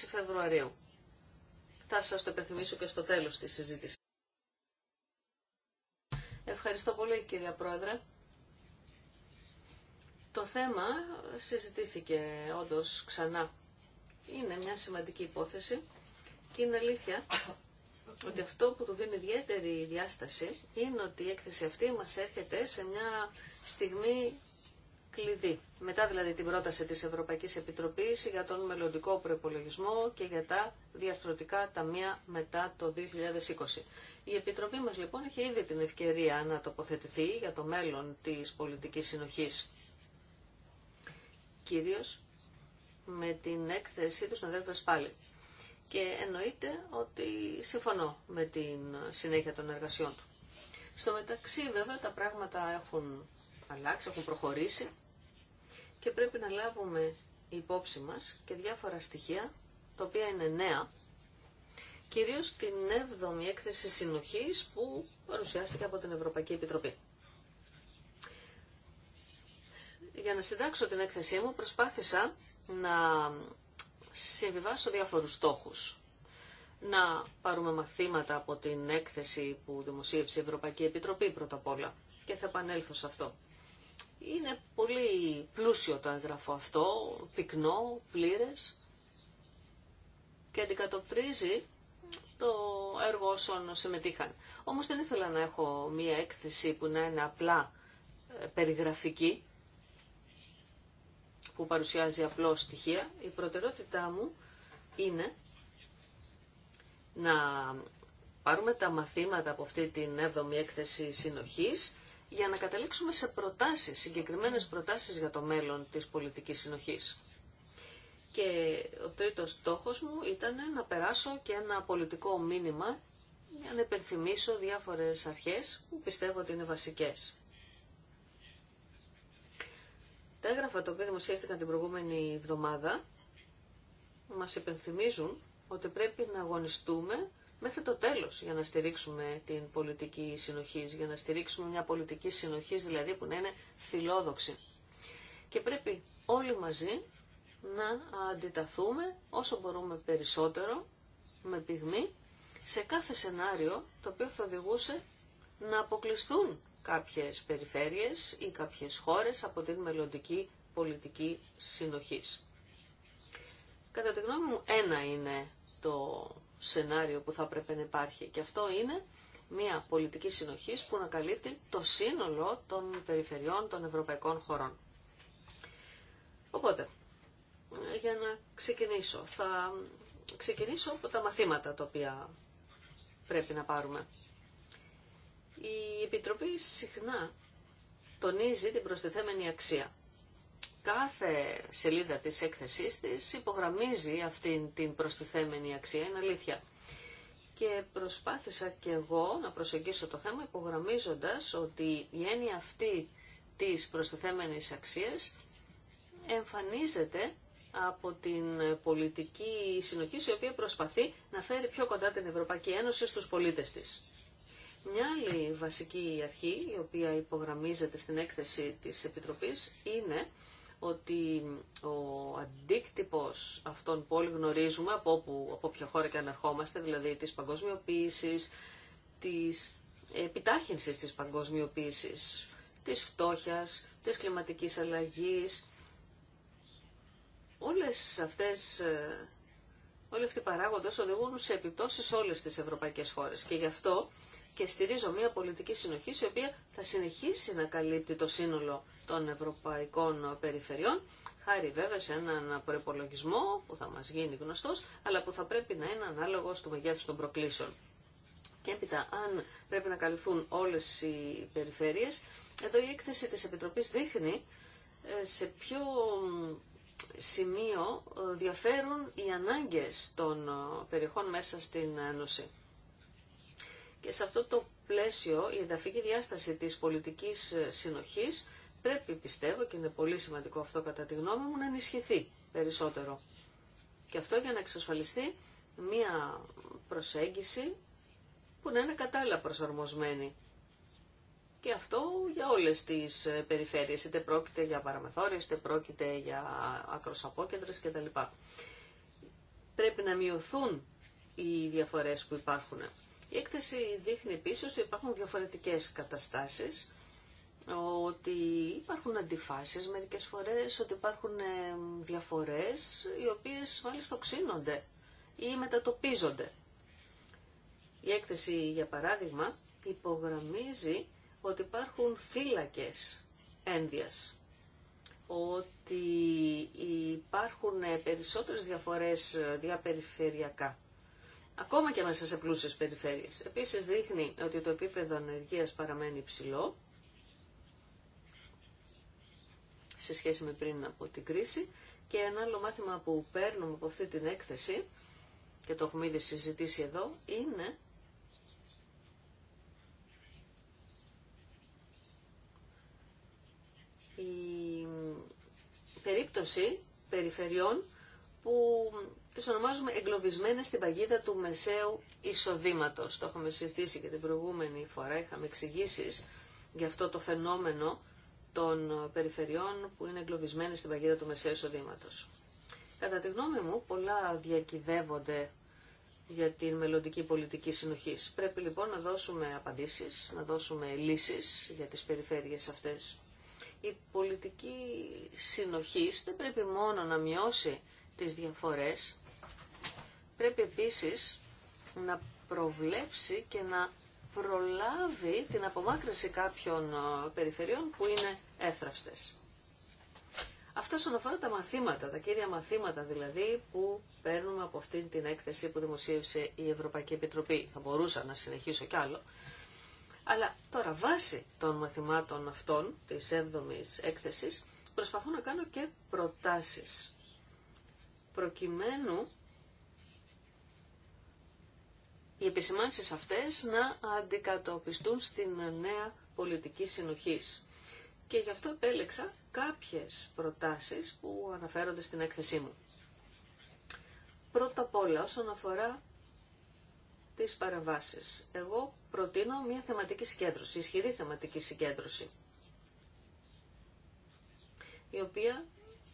Φεβρουαρίου. Θα σας το υπενθυμίσω και στο τέλος της συζήτηση. Ευχαριστώ πολύ κυρία Πρόεδρε. Το θέμα συζητήθηκε όντως ξανά. Είναι μια σημαντική υπόθεση και είναι αλήθεια ότι αυτό που του δίνει ιδιαίτερη διάσταση είναι ότι η έκθεση αυτή μας έρχεται σε μια στιγμή κλειδί. Μετά δηλαδή την πρόταση της Ευρωπαϊκής Επιτροπής για τον μελλοντικό προπολογισμό και για τα διαρθρωτικά ταμεία μετά το 2020. Η Επιτροπή μας λοιπόν έχει ήδη την ευκαιρία να τοποθετηθεί για το μέλλον της πολιτικής συνοχής. Κυρίως με την έκθεση του συναδέλφου πάλι και εννοείται ότι συμφωνώ με την συνέχεια των εργασιών του. Στο μεταξύ βέβαια τα πράγματα έχουν αλλάξει, έχουν προχωρήσει και πρέπει να λάβουμε υπόψη μας και διάφορα στοιχεία τα οποία είναι νέα κυρίως την 7η έκθεση συνοχής που παρουσιάστηκε από την Ευρωπαϊκή Επιτροπή. Για να συντάξω την έκθεσή μου προσπάθησα να συμβιβάσω διάφορους στόχους. Να πάρουμε μαθήματα από την έκθεση που δημοσίευσε η Ευρωπαϊκή Επιτροπή πρώτα απ' όλα και θα επανέλθω σε αυτό. Είναι πολύ πλούσιο το έγγραφο αυτό, πυκνό, πλήρες και αντικατοπτρίζει το έργο όσων συμμετείχαν. Όμως δεν ήθελα να έχω μία έκθεση που να είναι απλά ε, περιγραφική, που παρουσιάζει απλώς στοιχεία. Η προτεραιότητά μου είναι να πάρουμε τα μαθήματα από αυτή την 7 έκθεση συνοχής για να καταλήξουμε σε προτάσεις, συγκεκριμένες προτάσεις για το μέλλον της πολιτικής συνοχής. Και ο τρίτος στόχος μου ήταν να περάσω και ένα πολιτικό μήνυμα για να υπενθυμίσω διάφορες αρχές που πιστεύω ότι είναι βασικές. Τα έγγραφα τα οποία δημοσιεύτηκαν την προηγούμενη εβδομάδα μας υπενθυμίζουν ότι πρέπει να αγωνιστούμε μέχρι το τέλος για να στηρίξουμε την πολιτική συνοχής, για να στηρίξουμε μια πολιτική συνοχής δηλαδή που να είναι φιλόδοξη. Και πρέπει όλοι μαζί να αντιταθούμε όσο μπορούμε περισσότερο με πυγμή σε κάθε σενάριο το οποίο θα οδηγούσε να αποκλειστούν κάποιες περιφέρειες ή κάποιες χώρες από την μελλοντική πολιτική συνοχής. Κατά τη γνώμη μου ένα είναι το σενάριο που θα πρέπει να υπάρχει και αυτό είναι μια πολιτική συνοχής που να καλύπτει το σύνολο των περιφερειών των ευρωπαϊκών χωρών. Οπότε, για να ξεκινήσω, θα ξεκινήσω από τα μαθήματα τα οποία πρέπει να πάρουμε. Η Επιτροπή συχνά τονίζει την προστιθέμενη αξία. Κάθε σελίδα της έκθεσής της υπογραμμίζει αυτήν την προστιθέμενη αξία, είναι αλήθεια. Και προσπάθησα και εγώ να προσεγγίσω το θέμα υπογραμμίζοντας ότι η έννοια αυτή της προστιθέμενης αξίας εμφανίζεται από την πολιτική συνοχή η οποία προσπαθεί να φέρει πιο κοντά την Ευρωπαϊκή Ένωση στους πολίτες της. Μια άλλη βασική αρχή, η οποία υπογραμμίζεται στην έκθεση της Επιτροπής, είναι ότι ο αντίκτυπος αυτών που όλοι γνωρίζουμε, από, όπου, από ποια χώρα και αν δηλαδή της παγκοσμιοποίησης, της επιτάχυνσης της παγκοσμιοποίησης, της φτώχειας, της κλιματικής αλλαγής, όλες αυτές ε, Όλοι αυτοί οι παράγοντες οδηγούν σε επιπτώσεις σε όλες τις ευρωπαϊκές χώρες και γι' αυτό και στηρίζω μια πολιτική συνοχή η οποία θα συνεχίσει να καλύπτει το σύνολο των ευρωπαϊκών περιφερειών, χάρη βέβαια σε έναν προπολογισμό που θα μας γίνει γνωστός, αλλά που θα πρέπει να είναι ανάλογο του μεγέθους των προκλήσεων. Και έπειτα, αν πρέπει να καλυφθούν όλες οι περιφέρειες, εδώ η έκθεση της Επιτροπής δείχνει ε, σε ποιο σημείο ε, διαφέρουν οι ανάγκες των ε, περιοχών μέσα στην Ένωση. Και σε αυτό το πλαίσιο η εδαφική διάσταση της πολιτικής ε, συνοχής πρέπει, πιστεύω, και είναι πολύ σημαντικό αυτό κατά τη γνώμη μου, να ενισχυθεί περισσότερο. Και αυτό για να εξασφαλιστεί μία προσέγγιση που να είναι κατάλληλα προσαρμοσμένη. Και αυτό για όλες τις ε, περιφέρειες, είτε πρόκειται για παραμεθόρειες, είτε πρόκειται για άκρος κτλ. Πρέπει να μειωθούν οι διαφορές που υπάρχουν. Η έκθεση δείχνει επίση ότι υπάρχουν διαφορετικές καταστάσεις, ότι υπάρχουν αντιφάσεις μερικές φορές, ότι υπάρχουν ε, διαφορές οι οποίες μάλιστα οξύνονται ή μετατοπίζονται. Η έκθεση, για παράδειγμα, υπογραμμίζει ότι υπάρχουν θύλακες ένδυας, ότι υπάρχουν ε, περισσότερες διαφορές ε, διαπεριφερειακά ακόμα και μέσα σε πλούσιες περιφέρειες. Επίσης δείχνει ότι το επίπεδο ανεργίας παραμένει υψηλό σε σχέση με πριν από την κρίση και ένα άλλο μάθημα που παίρνουμε από αυτή την έκθεση και το έχουμε ήδη συζητήσει εδώ είναι η περίπτωση περιφερειών που τις ονομάζουμε εγκλωβισμένες στην παγίδα του μεσαίου εισοδήματος. Το έχουμε συζητήσει και την προηγούμενη φορά, είχαμε εξηγήσει για αυτό το φαινόμενο των περιφερειών που είναι εγκλωβισμένες στην παγίδα του μεσαίου εισοδήματος. Κατά τη γνώμη μου, πολλά διακυβεύονται για την μελλοντική πολιτική συνοχή. Πρέπει λοιπόν να δώσουμε απαντήσει, να δώσουμε λύσει για τι περιφέρειες αυτές. Η πολιτική συνοχή δεν πρέπει μόνο να μειώσει τις διαφορές, πρέπει επίσης να προβλέψει και να προλάβει την απομάκρυνση κάποιων ε, περιφερειών που είναι έθραυστες. Αυτό όσον αφορά τα μαθήματα, τα κύρια μαθήματα δηλαδή που παίρνουμε από αυτήν την έκθεση που δημοσίευσε η Ευρωπαϊκή Επιτροπή. Θα μπορούσα να συνεχίσω κι άλλο. Αλλά τώρα βάσει των μαθημάτων αυτών της 7ης έκθεσης προσπαθώ να κάνω και προτάσεις προκειμένου οι επισημάνσεις αυτές να αντικατοπιστούν στην νέα πολιτική συνοχής. Και γι' αυτό επέλεξα κάποιες προτάσεις που αναφέρονται στην έκθεσή μου. Πρώτα απ' όλα όσον αφορά τις παραβάσεις. Εγώ προτείνω μια θεματική συγκέντρωση, ισχυρή θεματική συγκέντρωση, η οποία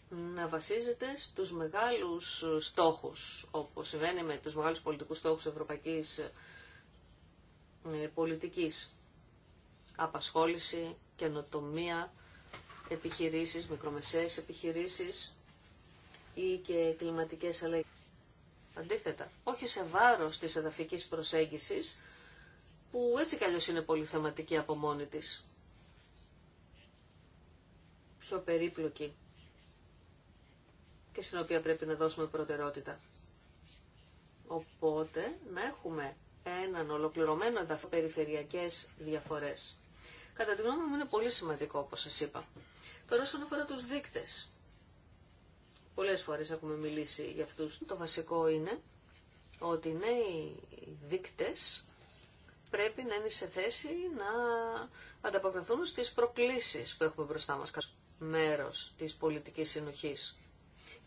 να βασίζεται στους μεγάλους στόχους, όπως συμβαίνει με τους μεγάλους πολιτικούς στόχους ευρωπαϊκής ε, πολιτικής. Απασχόληση, καινοτομία, επιχειρήσεις, μικρομεσαίες επιχειρήσεις ή και κλιματικές αλλαγές. Αντίθετα, όχι σε βάρος της εδαφικής προσέγγισης, που έτσι κι είναι πολυθεματική από μόνη της. Πιο περίπλοκη και στην οποία πρέπει να δώσουμε προτεραιότητα. Οπότε να έχουμε έναν ολοκληρωμένο περιφερειακέ περιφερειακές διαφορές. Κατά τη γνώμη μου είναι πολύ σημαντικό όπως σας είπα. Τώρα όσον αφορά τους δείκτες. Πολλές φορές έχουμε μιλήσει για αυτούς. Το βασικό είναι ότι οι νέοι δείκτες πρέπει να είναι σε θέση να ανταποκριθούν στις προκλήσεις που έχουμε μπροστά μας μέρος της πολιτικής συνοχής.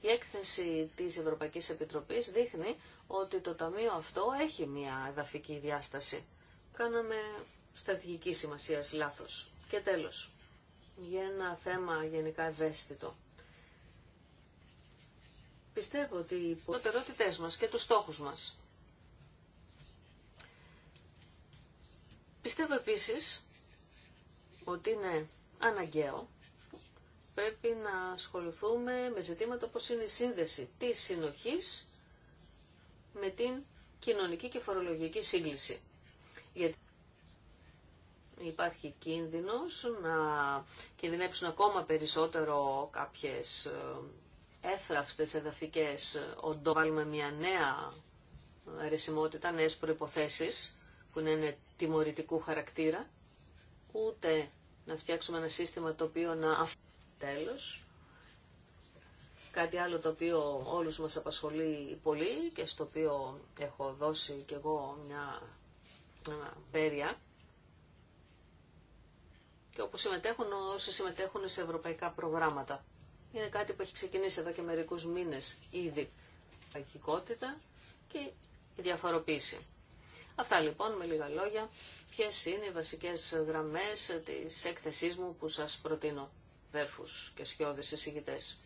Η έκθεση της Ευρωπαϊκής Επιτροπής δείχνει ότι το Ταμείο αυτό έχει μια εδαφική διάσταση. Κάναμε στρατηγική σημασία λάθος. Και τέλος, για ένα θέμα γενικά ευαίσθητο. Πιστεύω ότι οι προτεραιότητές μας και τους στόχους μας. Πιστεύω επίσης ότι είναι αναγκαίο πρέπει να ασχοληθούμε με ζητήματα όπως είναι η σύνδεση της συνοχής με την κοινωνική και φορολογική σύγκληση. Γιατί υπάρχει κίνδυνος να κινδυνεύσουν ακόμα περισσότερο κάποιες ε, έθραυστες εδαφικές οντό. Βάλουμε μια νέα αρισιμότητα, νέες προϋποθέσεις που είναι τιμωρητικού χαρακτήρα, ούτε να φτιάξουμε ένα σύστημα το οποίο να Τέλος, κάτι άλλο το οποίο όλους μας απασχολεί πολύ και στο οποίο έχω δώσει κι εγώ μια πέρια και όπου συμμετέχουν όσοι συμμετέχουν σε ευρωπαϊκά προγράμματα. Είναι κάτι που έχει ξεκινήσει εδώ και μερικούς μήνες ήδη παγικότητα και η διαφοροποίηση. Αυτά λοιπόν με λίγα λόγια, ποιες είναι οι βασικές γραμμές της έκθεσής μου που σας προτείνω αδέρφου και σκιώδες εισηγητές.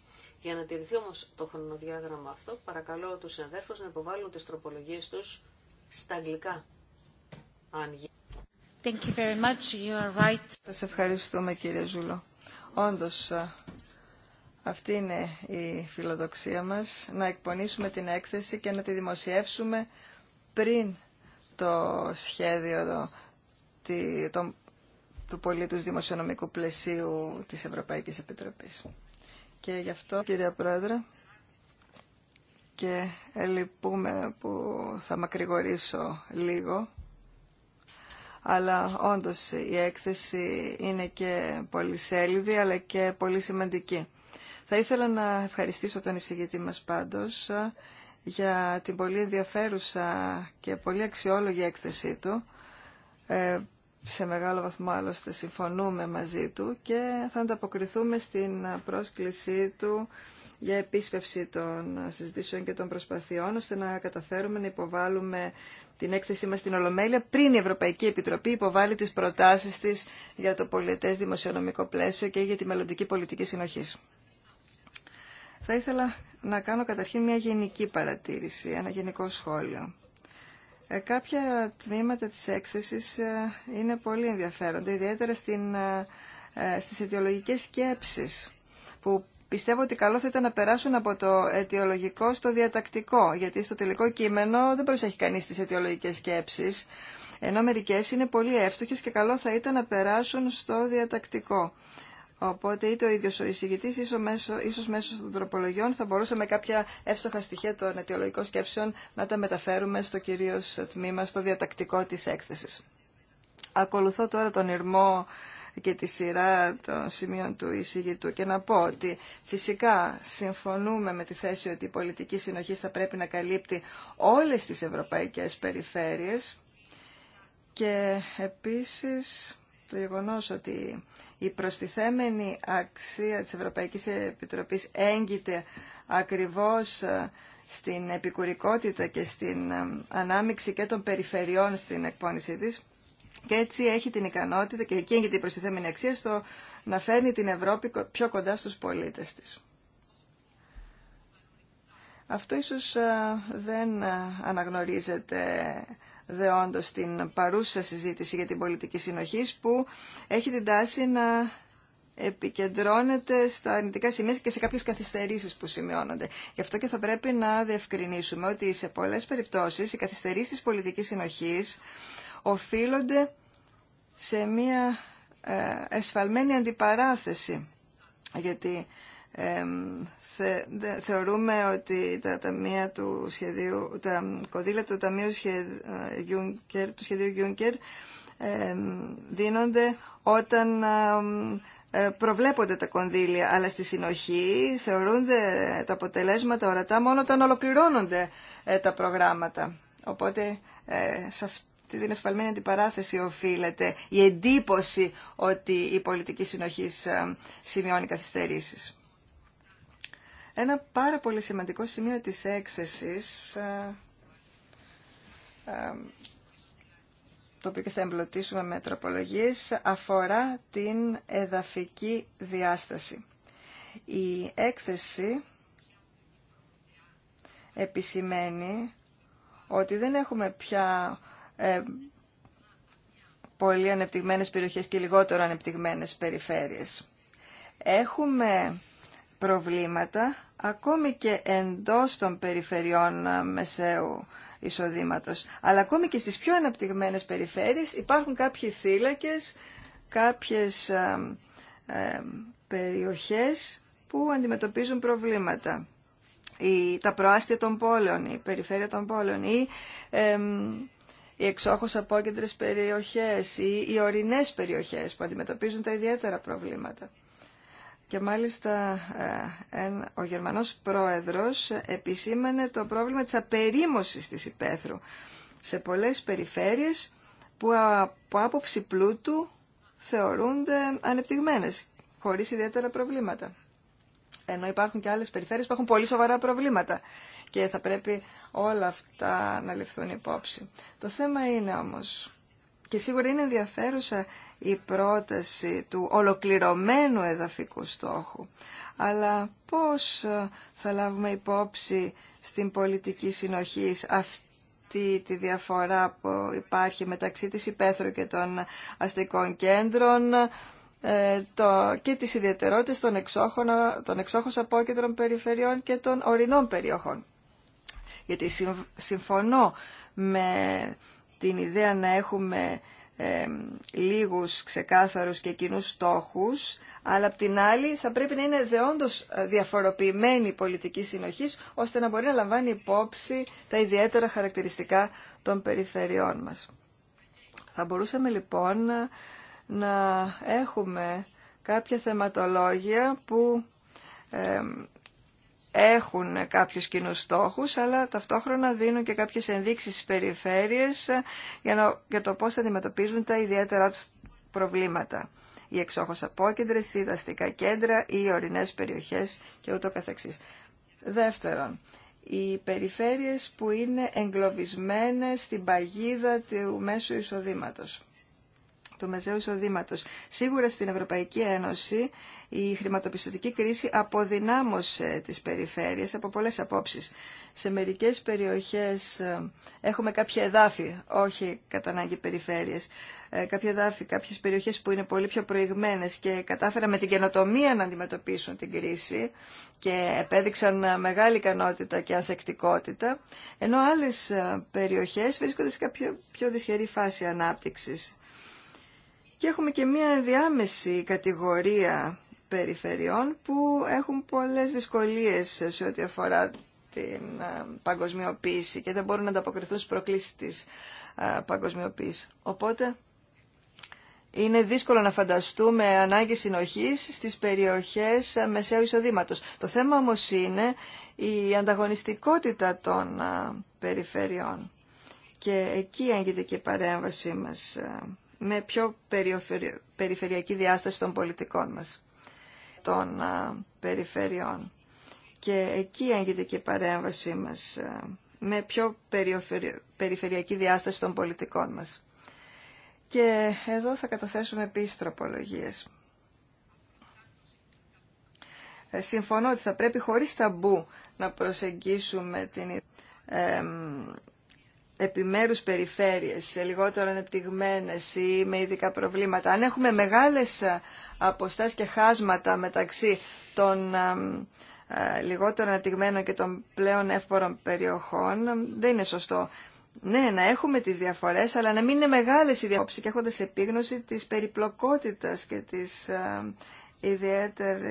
Για να τηρηθεί όμω το χρονοδιάγραμμα αυτό, παρακαλώ τους συναδέρφους να υποβάλουν τι τροπολογίε του στα αγγλικά. Αν... Thank you very much. You are right. ευχαριστούμε κύριε Ζούλο. Όντω, αυτή είναι η φιλοδοξία μας, να εκπονήσουμε την έκθεση και να τη δημοσιεύσουμε πριν το σχέδιο το του πολίτους δημοσιονομικού πλαισίου της Ευρωπαϊκής Επιτροπής. Και γι' αυτό, κυρία Πρόεδρε, και λυπούμε που θα μακρηγορήσω λίγο, αλλά όντως η έκθεση είναι και πολύ σέλιδη αλλά και πολύ σημαντική. Θα ήθελα να ευχαριστήσω τον εισηγητή μας πάντως ε, για την πολύ ενδιαφέρουσα και πολύ αξιόλογη έκθεσή του ε, σε μεγάλο βαθμό άλλωστε συμφωνούμε μαζί του και θα ανταποκριθούμε στην πρόσκλησή του για επίσπευση των συζητήσεων και των προσπαθειών ώστε να καταφέρουμε να υποβάλουμε την έκθεσή μας στην Ολομέλεια πριν η Ευρωπαϊκή Επιτροπή υποβάλει τις προτάσεις της για το πολιτές δημοσιονομικό πλαίσιο και για τη μελλοντική πολιτική συνοχή. Θα ήθελα να κάνω καταρχήν μια γενική παρατήρηση, ένα γενικό σχόλιο. Ε, κάποια τμήματα της έκθεσης ε, είναι πολύ ενδιαφέροντα, ιδιαίτερα στην, ε, στις αιτιολογικές σκέψεις, που πιστεύω ότι καλό θα ήταν να περάσουν από το αιτιολογικό στο διατακτικό, γιατί στο τελικό κείμενο δεν προσέχει κανείς τις αιτιολογικές σκέψεις, ενώ μερικές είναι πολύ εύστοχες και καλό θα ήταν να περάσουν στο διατακτικό. Οπότε είτε ο ίδιο ο εισηγητή, ίσω μέσω, των τροπολογιών θα μπορούσαμε κάποια εύστοχα στοιχεία των αιτιολογικών σκέψεων να τα μεταφέρουμε στο κυρίως τμήμα, στο διατακτικό της έκθεσης. Ακολουθώ τώρα τον Ιρμό και τη σειρά των σημείων του εισηγητού και να πω ότι φυσικά συμφωνούμε με τη θέση ότι η πολιτική συνοχή θα πρέπει να καλύπτει όλες τις ευρωπαϊκές περιφέρειες και επίσης το γεγονός ότι η προστιθέμενη αξία της Ευρωπαϊκής Επιτροπής έγκυται ακριβώς ε, στην επικουρικότητα και στην ε, ανάμειξη και των περιφερειών στην εκπόνησή της και έτσι έχει την ικανότητα και εκεί έγκυται η προστιθέμενη αξία στο να φέρνει την Ευρώπη πιο κοντά στους πολίτες της. Αυτό ίσως ε, δεν αναγνωρίζεται δεόντως την παρούσα συζήτηση για την πολιτική συνοχή που έχει την τάση να επικεντρώνεται στα αρνητικά σημεία και σε κάποιες καθυστερήσεις που σημειώνονται. Γι' αυτό και θα πρέπει να διευκρινίσουμε ότι σε πολλές περιπτώσεις οι καθυστερήσεις της πολιτικής συνοχής οφείλονται σε μια ε, εσφαλμένη αντιπαράθεση. Γιατί θεωρούμε ότι τα, ταμεία του τα κονδύλια του Ταμείου σχεδίου, ε, Juncker, του Σχεδίου Juncker δίνονται όταν ε, προβλέπονται τα κονδύλια, αλλά στη συνοχή θεωρούνται τα αποτελέσματα ορατά μόνο όταν ολοκληρώνονται ε, τα προγράμματα. Οπότε σε αυτή την ασφαλμένη αντιπαράθεση οφείλεται η εντύπωση ότι η πολιτική συνοχή σημειώνει καθυστερήσεις. Ένα πάρα πολύ σημαντικό σημείο της έκθεσης, ε, ε, το οποίο θα εμπλωτίσουμε με τροπολογίες, αφορά την εδαφική διάσταση. Η έκθεση επισημαίνει ότι δεν έχουμε πια ε, πολύ ανεπτυγμένες περιοχές και λιγότερο ανεπτυγμένες περιφέρειες. Έχουμε προβλήματα ακόμη και εντός των περιφερειών ε, μεσαίου εισοδήματος. Αλλά ακόμη και στις πιο αναπτυγμένες περιφέρειες υπάρχουν κάποιοι θύλακες, κάποιες ε, ε, περιοχές που αντιμετωπίζουν προβλήματα. Η, τα προάστια των πόλεων, η περιφέρεια των πόλεων ή ε, οι εξόχως απόκεντρες περιοχές ή οι ορεινές περιοχές που αντιμετωπίζουν τα ιδιαίτερα προβλήματα. Και μάλιστα ε, ο Γερμανός πρόεδρος επισήμανε το πρόβλημα της απερίμωσης της υπαίθρου σε πολλές περιφέρειες που από άποψη πλούτου θεωρούνται ανεπτυγμένες, χωρίς ιδιαίτερα προβλήματα. Ενώ υπάρχουν και άλλες περιφέρειες που έχουν πολύ σοβαρά προβλήματα και θα πρέπει όλα αυτά να ληφθούν υπόψη. Το θέμα είναι όμως και σίγουρα είναι ενδιαφέρουσα η πρόταση του ολοκληρωμένου εδαφικού στόχου. Αλλά πώς ε, θα λάβουμε υπόψη στην πολιτική συνοχής αυτή τη διαφορά που υπάρχει μεταξύ της υπαίθρου και των αστικών κέντρων ε, το, και τις ιδιαιτερότητες των, εξόχων, των εξόχως απόκεντρων περιφερειών και των ορεινών περιοχών. Γιατί συμφωνώ με την ιδέα να έχουμε λίγους ξεκάθαρους και κοινού στόχους, αλλά απ' την άλλη θα πρέπει να είναι δεόντως ε, διαφοροποιημένη η πολιτική συνοχής, ώστε να μπορεί να λαμβάνει υπόψη τα ιδιαίτερα χαρακτηριστικά των περιφερειών μας. Θα μπορούσαμε λοιπόν να έχουμε κάποια θεματολόγια που έχουν κάποιους κοινού στόχους, αλλά ταυτόχρονα δίνουν και κάποιες ενδείξεις στις περιφέρειες ε, για το πώς αντιμετωπίζουν τα ιδιαίτερα τους προβλήματα. Οι εξόχως απόκεντρες, οι δαστικά κέντρα, οι ορεινές περιοχές και ούτω καθεξής. Δεύτερον, οι περιφέρειες που είναι εγκλωβισμένες στην παγίδα του μέσου εισοδήματος του μεσαίου εισοδήματο. Σίγουρα στην Ευρωπαϊκή Ένωση η χρηματοπιστωτική κρίση αποδυνάμωσε τι περιφέρειες από πολλέ απόψει. Σε μερικές περιοχές ε, έχουμε κάποια εδάφη, όχι κατά ανάγκη περιφέρειες, ε, κάποια εδάφη, κάποιες περιοχές που είναι πολύ πιο προηγμένε και κατάφεραν με την καινοτομία να αντιμετωπίσουν την κρίση και επέδειξαν μεγάλη ικανότητα και ανθεκτικότητα, ενώ άλλες ε, περιοχές βρίσκονται σε κάποια πιο δυσχερή φάση ανάπτυξη. Και έχουμε και μία ενδιάμεση κατηγορία περιφερειών που έχουν πολλές δυσκολίες σε ό,τι αφορά την παγκοσμιοποίηση και δεν μπορούν να ανταποκριθούν στις προκλήσεις της παγκοσμιοποίησης. Οπότε είναι δύσκολο να φανταστούμε ανάγκη συνοχής στις περιοχές μεσαίου εισοδήματος. Το θέμα όμως είναι η ανταγωνιστικότητα των περιφερειών. Και εκεί έγκυται και η παρέμβασή μας με πιο περιφερειακή διάσταση των πολιτικών μας, των περιφερειών. Και εκεί έγκυται και η παρέμβασή μας, ε, με πιο περιφερειακή διάσταση των πολιτικών μας. Και εδώ θα καταθέσουμε επίσης τροπολογίες. Ε, συμφωνώ ότι θα πρέπει χωρίς ταμπού να προσεγγίσουμε την ε, επιμέρους περιφέρειες, σε λιγότερο ανεπτυγμένες ή με ειδικά προβλήματα, αν έχουμε μεγάλες αποστάσεις και χάσματα μεταξύ των ε, λιγότερο αναπτυγμένων και των πλέον εύπορων περιοχών, δεν είναι σωστό. Ναι, να έχουμε τις διαφορές, αλλά να μην είναι μεγάλες οι διαφορές και έχοντας επίγνωση της περιπλοκότητας και της ιδιαίτερης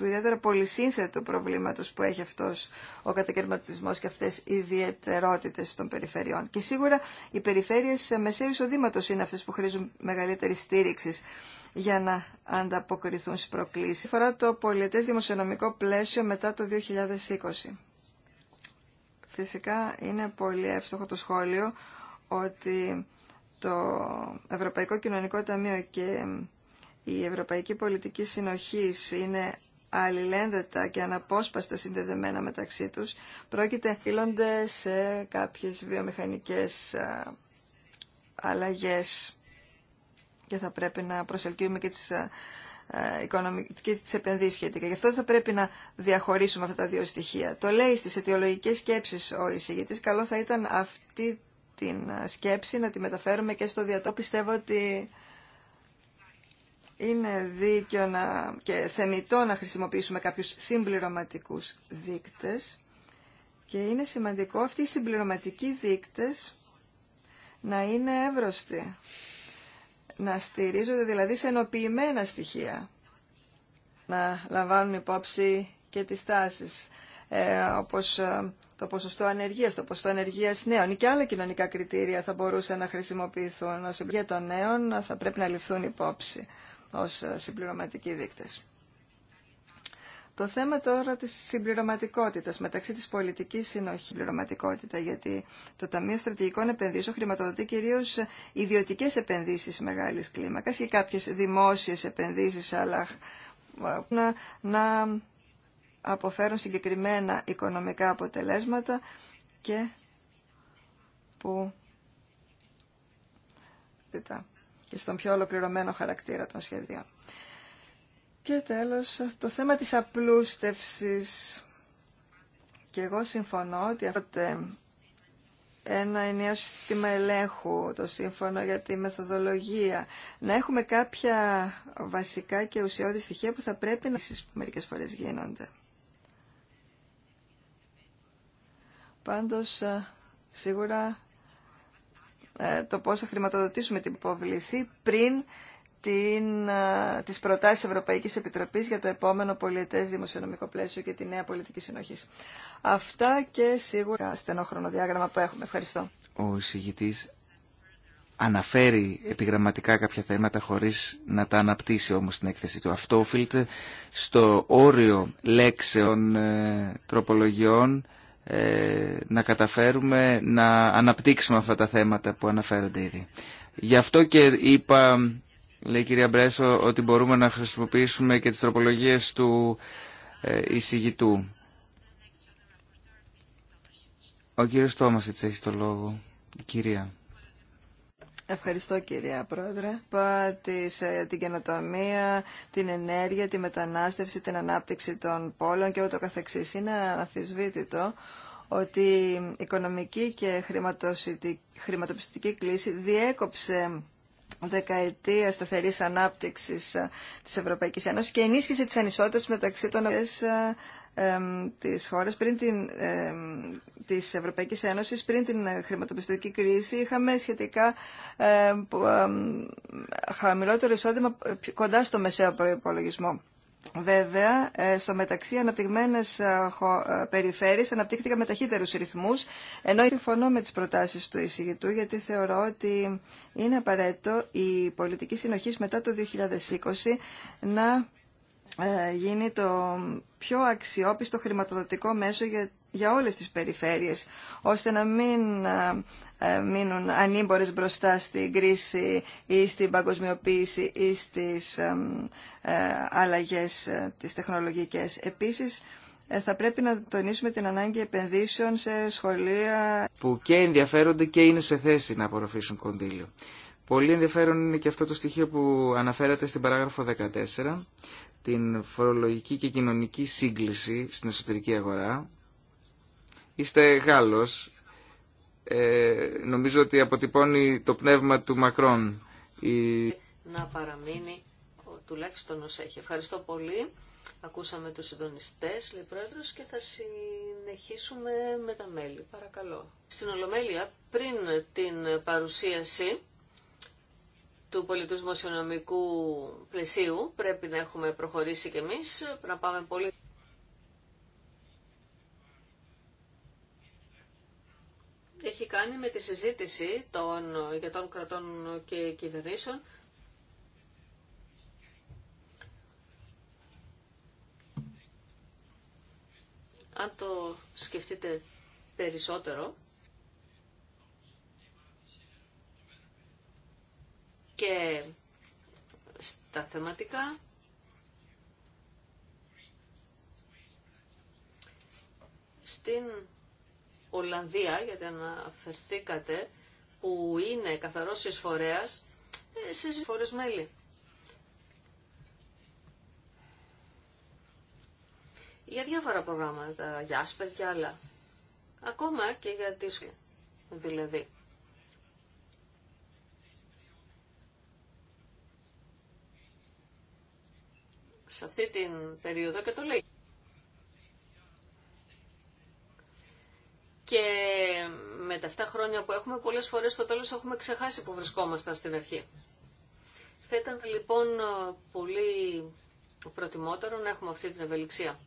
του ιδιαίτερα πολυσύνθετου προβλήματος που έχει αυτός ο κατακαιρματισμός και αυτές οι ιδιαιτερότητες των περιφερειών. Και σίγουρα οι περιφέρειες μεσαίου εισοδήματος είναι αυτές που χρήζουν μεγαλύτερη στήριξη για να ανταποκριθούν στις προκλήσεις. Φορά το πολιετές δημοσιονομικό πλαίσιο μετά το 2020. Φυσικά είναι πολύ εύστοχο το σχόλιο ότι το Ευρωπαϊκό Κοινωνικό Ταμείο και η Ευρωπαϊκή Πολιτική Συνοχής είναι αλληλένδετα και αναπόσπαστα συνδεδεμένα μεταξύ τους, πρόκειται φίλονται σε κάποιες βιομηχανικές αλλαγές και θα πρέπει να προσελκύουμε και τις και επενδύσεις σχετικά. Γι' αυτό θα πρέπει να διαχωρίσουμε αυτά τα δύο στοιχεία. Το λέει στις αιτιολογικές σκέψεις ο εισηγητής. Καλό θα ήταν αυτή την σκέψη να τη μεταφέρουμε και στο διατό. Πιστεύω ότι είναι δίκαιο να, και θεμητό να χρησιμοποιήσουμε κάποιους συμπληρωματικούς δείκτες και είναι σημαντικό αυτοί οι συμπληρωματικοί δείκτες να είναι εύρωστοι, να στηρίζονται δηλαδή σε ενοποιημένα στοιχεία, να λαμβάνουν υπόψη και τις τάσεις, ε, όπως ε, το ποσοστό ανεργίας, το ποσοστό ανεργίας νέων ή και άλλα κοινωνικά κριτήρια θα μπορούσαν να χρησιμοποιηθούν για των νέων θα πρέπει να ληφθούν υπόψη ως ε, συμπληρωματικοί δείκτες. Το θέμα τώρα της συμπληρωματικότητας μεταξύ της πολιτικής συνοχής συμπληρωματικότητα, γιατί το Ταμείο Στρατηγικών Επενδύσεων χρηματοδοτεί κυρίως ιδιωτικές επενδύσεις μεγάλης κλίμακας και κάποιες δημόσιες επενδύσεις, αλλά ε, να, να αποφέρουν συγκεκριμένα οικονομικά αποτελέσματα και που ε, και στον πιο ολοκληρωμένο χαρακτήρα των σχεδίων. Και τέλος, το θέμα της απλούστευσης. Και εγώ συμφωνώ ότι αυτό ένα ενιαίο σύστημα ελέγχου, το σύμφωνο για τη μεθοδολογία, να έχουμε κάποια βασικά και ουσιώδη στοιχεία που θα πρέπει να που μερικές φορές γίνονται. Πάντως, σίγουρα ε, το πώς θα χρηματοδοτήσουμε την υποβληθή πριν την, ε, τις προτάσεις Ευρωπαϊκής Επιτροπής για το επόμενο πολιετές δημοσιονομικό πλαίσιο και τη νέα πολιτική συνοχή. Αυτά και σίγουρα στενό χρονοδιάγραμμα που έχουμε. Ευχαριστώ. Ο εισηγητής αναφέρει επιγραμματικά κάποια θέματα χωρίς να τα αναπτύσσει όμως την έκθεση του. Αυτό οφείλεται στο όριο λέξεων ε, τροπολογιών ε, να καταφέρουμε να αναπτύξουμε αυτά τα θέματα που αναφέρονται ήδη. Γι' αυτό και είπα, λέει η κυρία Μπρέσο, ότι μπορούμε να χρησιμοποιήσουμε και τις τροπολογίες του ε, εισηγητού. Ο κύριος Τόμας έτσι έχει το λόγο. Η κυρία. Ευχαριστώ κυρία Πρόεδρε. Τις, ε, την καινοτομία, την ενέργεια, τη μετανάστευση, την ανάπτυξη των πόλων και ούτω καθεξής. Είναι αναφυσβήτητο ότι η οικονομική και χρηματοπιστική κλίση διέκοψε δεκαετία σταθερής ανάπτυξης ε, της Ευρωπαϊκής Ένωσης και ενίσχυσε τις ανισότητες μεταξύ των ε, τις χώρες πριν την, ε, της Ευρωπαϊκής Ένωσης πριν την ε, χρηματοπιστωτική κρίση είχαμε σχετικά ε, χαμηλότερο εισόδημα ε, κοντά στο μεσαίο προϋπολογισμό. Βέβαια, ε, στο μεταξύ αναπτυγμένες περιφέρειες αναπτύχθηκαν με ταχύτερους ρυθμούς, ενώ συμφωνώ με τις προτάσεις του εισηγητού, γιατί θεωρώ ότι είναι απαραίτητο η πολιτική συνοχής μετά το 2020 να ε, γίνει το πιο αξιόπιστο χρηματοδοτικό μέσο για, για όλες τις περιφέρειες, ώστε να μην ε, ε, μείνουν ανήμπορες μπροστά στην κρίση ή στην παγκοσμιοποίηση ή στις αλλαγές τις τεχνολογικές. Επίσης, θα πρέπει να τονίσουμε την ανάγκη επενδύσεων σε σχολεία που και ενδιαφέρονται και είναι σε θέση να απορροφήσουν κονδύλιο. Πολύ ενδιαφέρον είναι και αυτό το στοιχείο που αναφέρατε στην παράγραφο 14, την φορολογική και κοινωνική σύγκληση στην εσωτερική αγορά. Είστε Γάλλος. Ε, νομίζω ότι αποτυπώνει το πνεύμα του Μακρόν. Η... Να παραμείνει τουλάχιστον ως έχει. Ευχαριστώ πολύ. Ακούσαμε τους συντονιστέ λέει πρόεδρος, και θα συνεχίσουμε με τα μέλη. Παρακαλώ. Στην Ολομέλεια, πριν την παρουσίαση του πολιτού δημοσιονομικού πλαισίου. Πρέπει να έχουμε προχωρήσει κι εμείς, να πάμε πολύ... Έχει κάνει με τη συζήτηση των ηγετών κρατών και κυβερνήσεων αν το σκεφτείτε περισσότερο, και στα θεματικά. Στην Ολλανδία, γιατί αναφερθήκατε, που είναι καθαρός εισφορέας, ε, συσφορες φορές μέλη. Για διάφορα προγράμματα, για άσπερ και άλλα. Ακόμα και για τις... δηλαδή. σε αυτή την περίοδο και το λέει. Και με τα 7 χρόνια που έχουμε, πολλές φορές στο τέλος έχουμε ξεχάσει που βρισκόμασταν στην αρχή. Θα ήταν λοιπόν πολύ προτιμότερο να έχουμε αυτή την ευελιξία.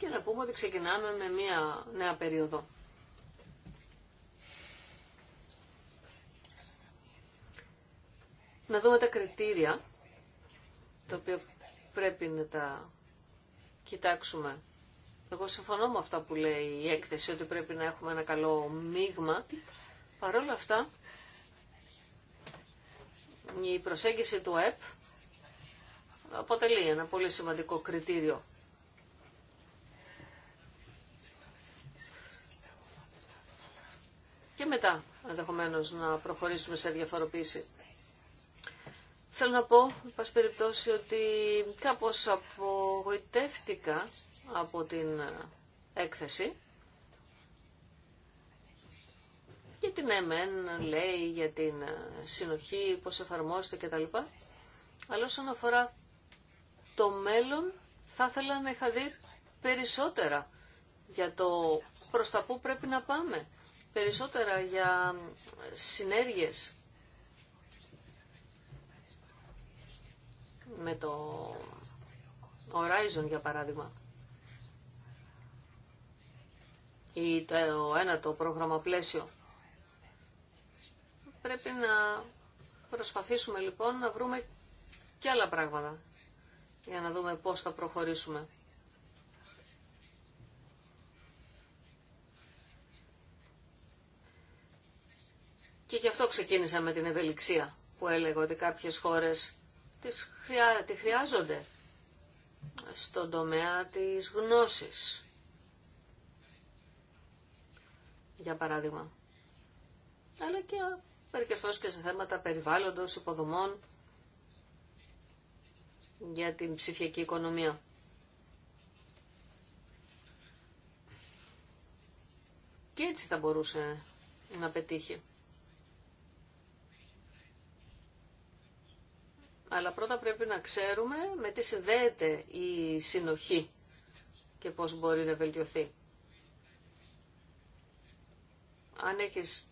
και να πούμε ότι ξεκινάμε με μία νέα περίοδο. Να δούμε τα κριτήρια, τα οποία πρέπει να τα κοιτάξουμε. Εγώ συμφωνώ με αυτά που λέει η έκθεση, ότι πρέπει να έχουμε ένα καλό μείγμα. Παρ' όλα αυτά, η προσέγγιση του ΕΠ αποτελεί ένα πολύ σημαντικό κριτήριο. και μετά ενδεχομένω να προχωρήσουμε σε διαφοροποίηση. Θέλω να πω, πάση περιπτώσει, ότι κάπως απογοητεύτηκα από την έκθεση και την ΕΜΕΝ λέει για την συνοχή, πώς εφαρμόζεται κτλ. Αλλά όσον αφορά το μέλλον, θα ήθελα να είχα δει περισσότερα για το προς τα πού πρέπει να πάμε περισσότερα για συνέργειες με το Horizon για παράδειγμα ή το ένα το πρόγραμμα πλαίσιο. Πρέπει να προσπαθήσουμε λοιπόν να βρούμε και άλλα πράγματα για να δούμε πώς θα προχωρήσουμε. Και γι' αυτό ξεκίνησα με την ευελιξία που έλεγα ότι κάποιες χώρες τις τη χρειάζονται στον τομέα της γνώσης. Για παράδειγμα. Αλλά και και σε θέματα περιβάλλοντος, υποδομών για την ψηφιακή οικονομία. Και έτσι θα μπορούσε να πετύχει. Αλλά πρώτα πρέπει να ξέρουμε με τι συνδέεται η συνοχή και πώς μπορεί να βελτιωθεί. Αν έχεις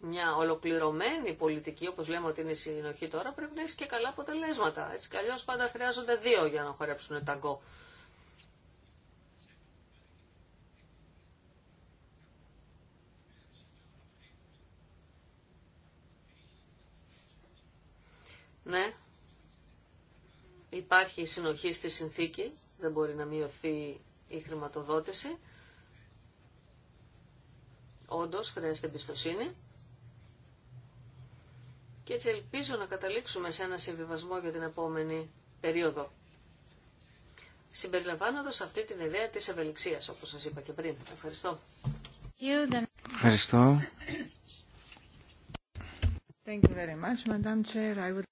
μια ολοκληρωμένη πολιτική, όπως λέμε ότι είναι η συνοχή τώρα, πρέπει να έχεις και καλά αποτελέσματα. Έτσι κι πάντα χρειάζονται δύο για να χορέψουν ταγκό. Ναι, υπάρχει συνοχή στη συνθήκη, δεν μπορεί να μειωθεί η χρηματοδότηση. Όντως χρειάζεται εμπιστοσύνη. Και έτσι ελπίζω να καταλήξουμε σε ένα συμβιβασμό για την επόμενη περίοδο. Συμπεριλαμβάνοντας αυτή την ιδέα της ευελιξίας, όπως σας είπα και πριν. Ευχαριστώ. Ευχαριστώ.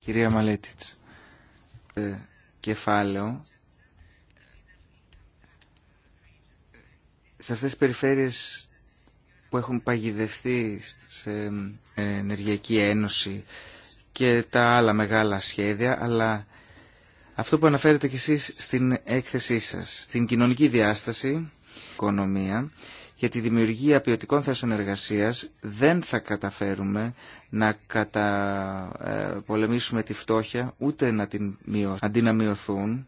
Κυρία Μαλέτιτς, ε, κεφάλαιο. Σε αυτές τις περιφέρειες που έχουν παγιδευτεί σε ενεργειακή ένωση και τα άλλα μεγάλα σχέδια, αλλά αυτό που αναφέρετε κι εσείς στην έκθεσή σας, στην κοινωνική διάσταση, οικονομία, για τη δημιουργία ποιοτικών θέσεων εργασίας δεν θα καταφέρουμε να καταπολεμήσουμε ε, τη φτώχεια ούτε να την μειώσουμε. Αντί να μειωθούν,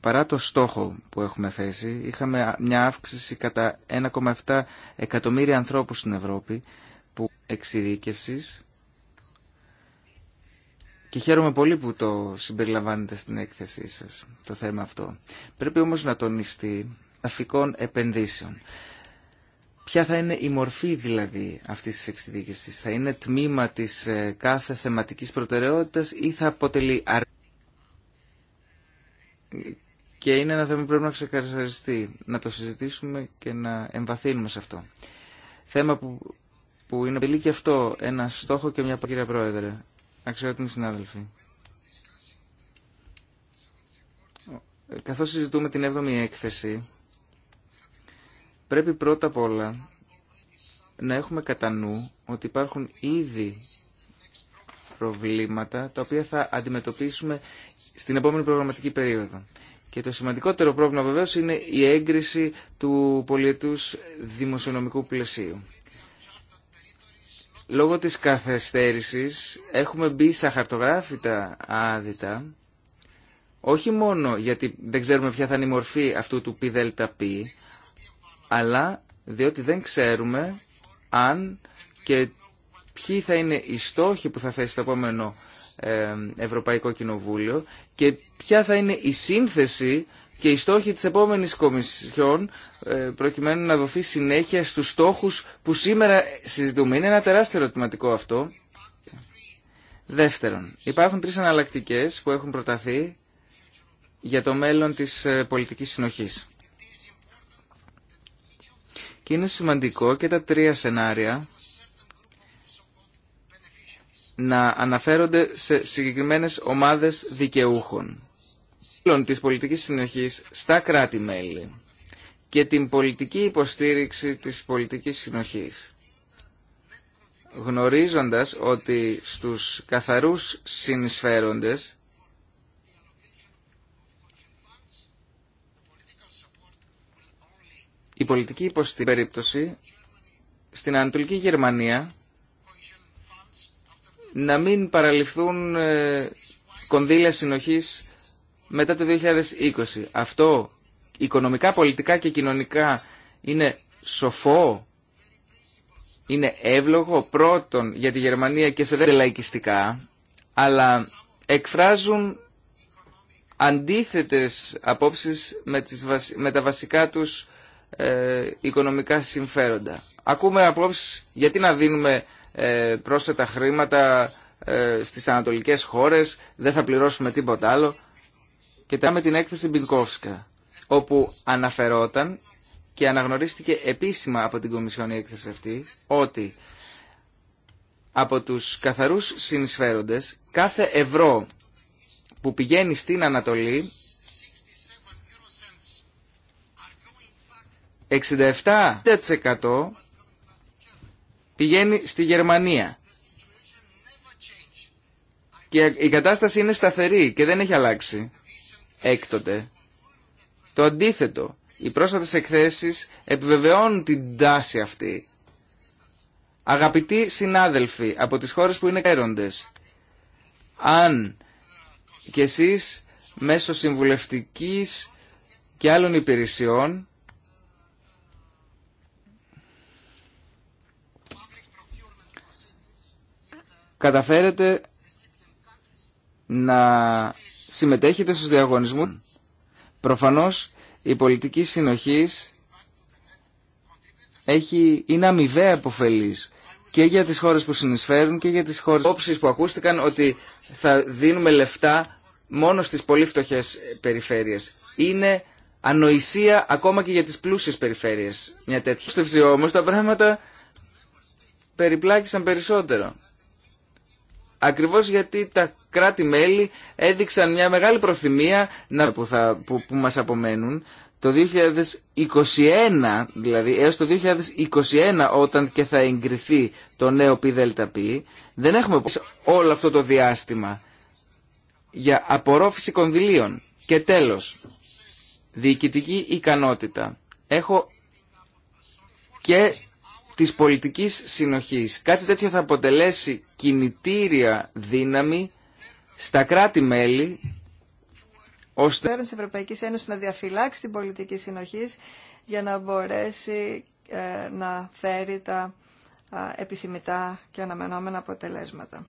παρά το στόχο που έχουμε θέσει, είχαμε μια αύξηση κατά 1,7 εκατομμύρια ανθρώπους στην Ευρώπη που εξειδίκευσης και χαίρομαι πολύ που το συμπεριλαμβάνετε στην έκθεσή σας, το θέμα αυτό. Πρέπει όμως να τονιστεί αφικών επενδύσεων. Ποια θα είναι η μορφή δηλαδή αυτής της εξειδίκευσης. Θα είναι τμήμα της ε, κάθε θεματικής προτεραιότητας ή θα αποτελεί και είναι ένα θέμα που πρέπει να ξεκαθαριστεί, να το συζητήσουμε και να εμβαθύνουμε σε αυτό. Θέμα που, που είναι πολύ και αυτό ένα στόχο και μια κύριε Πρόεδρε, αξιότιμοι συνάδελφοι. Καθώς συζητούμε την 7η έκθεση Πρέπει πρώτα απ' όλα να έχουμε κατά νου ότι υπάρχουν ήδη προβλήματα τα οποία θα αντιμετωπίσουμε στην επόμενη προγραμματική περίοδο. Και το σημαντικότερο πρόβλημα βεβαίω είναι η έγκριση του πολιετούς δημοσιονομικού πλαισίου. Λόγω της καθεστέρησης έχουμε μπει στα χαρτογράφητα άδυτα, όχι μόνο γιατί δεν ξέρουμε ποια θα είναι η μορφή αυτού του πι αλλά διότι δεν ξέρουμε αν και ποιοι θα είναι οι στόχοι που θα θέσει το επόμενο ε, Ευρωπαϊκό Κοινοβούλιο και ποια θα είναι η σύνθεση και οι στόχοι της επόμενης Κομισιόν ε, προκειμένου να δοθεί συνέχεια στους στόχους που σήμερα συζητούμε. Είναι ένα τεράστιο ερωτηματικό αυτό. Δεύτερον, υπάρχουν τρεις αναλλακτικές που έχουν προταθεί για το μέλλον της ε, πολιτικής συνοχής είναι σημαντικό και τα τρία σενάρια να αναφέρονται σε συγκεκριμένες ομάδες δικαιούχων της πολιτικής συνοχής στα κράτη-μέλη και την πολιτική υποστήριξη της πολιτικής συνοχής. Γνωρίζοντας ότι στους καθαρούς συνεισφέροντες η πολιτική υποστήριξη περίπτωση στην Ανατολική Γερμανία να μην παραληφθούν ε, κονδύλια συνοχής μετά το 2020. Αυτό οικονομικά, πολιτικά και κοινωνικά είναι σοφό, είναι εύλογο πρώτον για τη Γερμανία και σε δεύτερη λαϊκιστικά, αλλά εκφράζουν αντίθετες απόψεις με, τις, με τα βασικά τους ε, οικονομικά συμφέροντα. Ακούμε απόψει γιατί να δίνουμε ε, πρόσθετα χρήματα ε, στις ανατολικές χώρες, δεν θα πληρώσουμε τίποτα άλλο. Και τα με την έκθεση Μπινκόφσκα, όπου αναφερόταν και αναγνωρίστηκε επίσημα από την Κομισιόν η έκθεση αυτή, ότι από τους καθαρούς συνεισφέροντες κάθε ευρώ που πηγαίνει στην Ανατολή 67% πηγαίνει στη Γερμανία. Και η κατάσταση είναι σταθερή και δεν έχει αλλάξει έκτοτε. Το αντίθετο, οι πρόσφατες εκθέσεις επιβεβαιώνουν την τάση αυτή. Αγαπητοί συνάδελφοι από τις χώρες που είναι έροντες, αν και εσείς μέσω συμβουλευτικής και άλλων υπηρεσιών καταφέρετε να συμμετέχετε στους διαγωνισμούς. Προφανώς η πολιτική συνοχής έχει, είναι αμοιβαία αποφελής και για τις χώρες που συνεισφέρουν και για τις χώρες όψεις που ακούστηκαν ότι θα δίνουμε λεφτά μόνο στις πολύ φτωχές περιφέρειες. Είναι ανοησία ακόμα και για τις πλούσιες περιφέρειες μια τέτοια. Στο όμως τα πράγματα περιπλάκησαν περισσότερο. Ακριβώς γιατί τα κράτη-μέλη έδειξαν μια μεγάλη προθυμία να, που, θα, που, που μας απομένουν το 2021, δηλαδή έως το 2021 όταν και θα εγκριθεί το νέο ΠΔΠ, δεν έχουμε όλο αυτό το διάστημα για απορρόφηση κονδυλίων. Και τέλος, διοικητική ικανότητα. Έχω και της πολιτικής συνοχής. Κάτι τέτοιο θα αποτελέσει κινητήρια δύναμη στα κράτη-μέλη ώστε... η Ευρωπαϊκή Ένωση να διαφυλάξει την πολιτική συνοχής για να μπορέσει ε, να φέρει τα επιθυμητά και αναμενόμενα αποτελέσματα.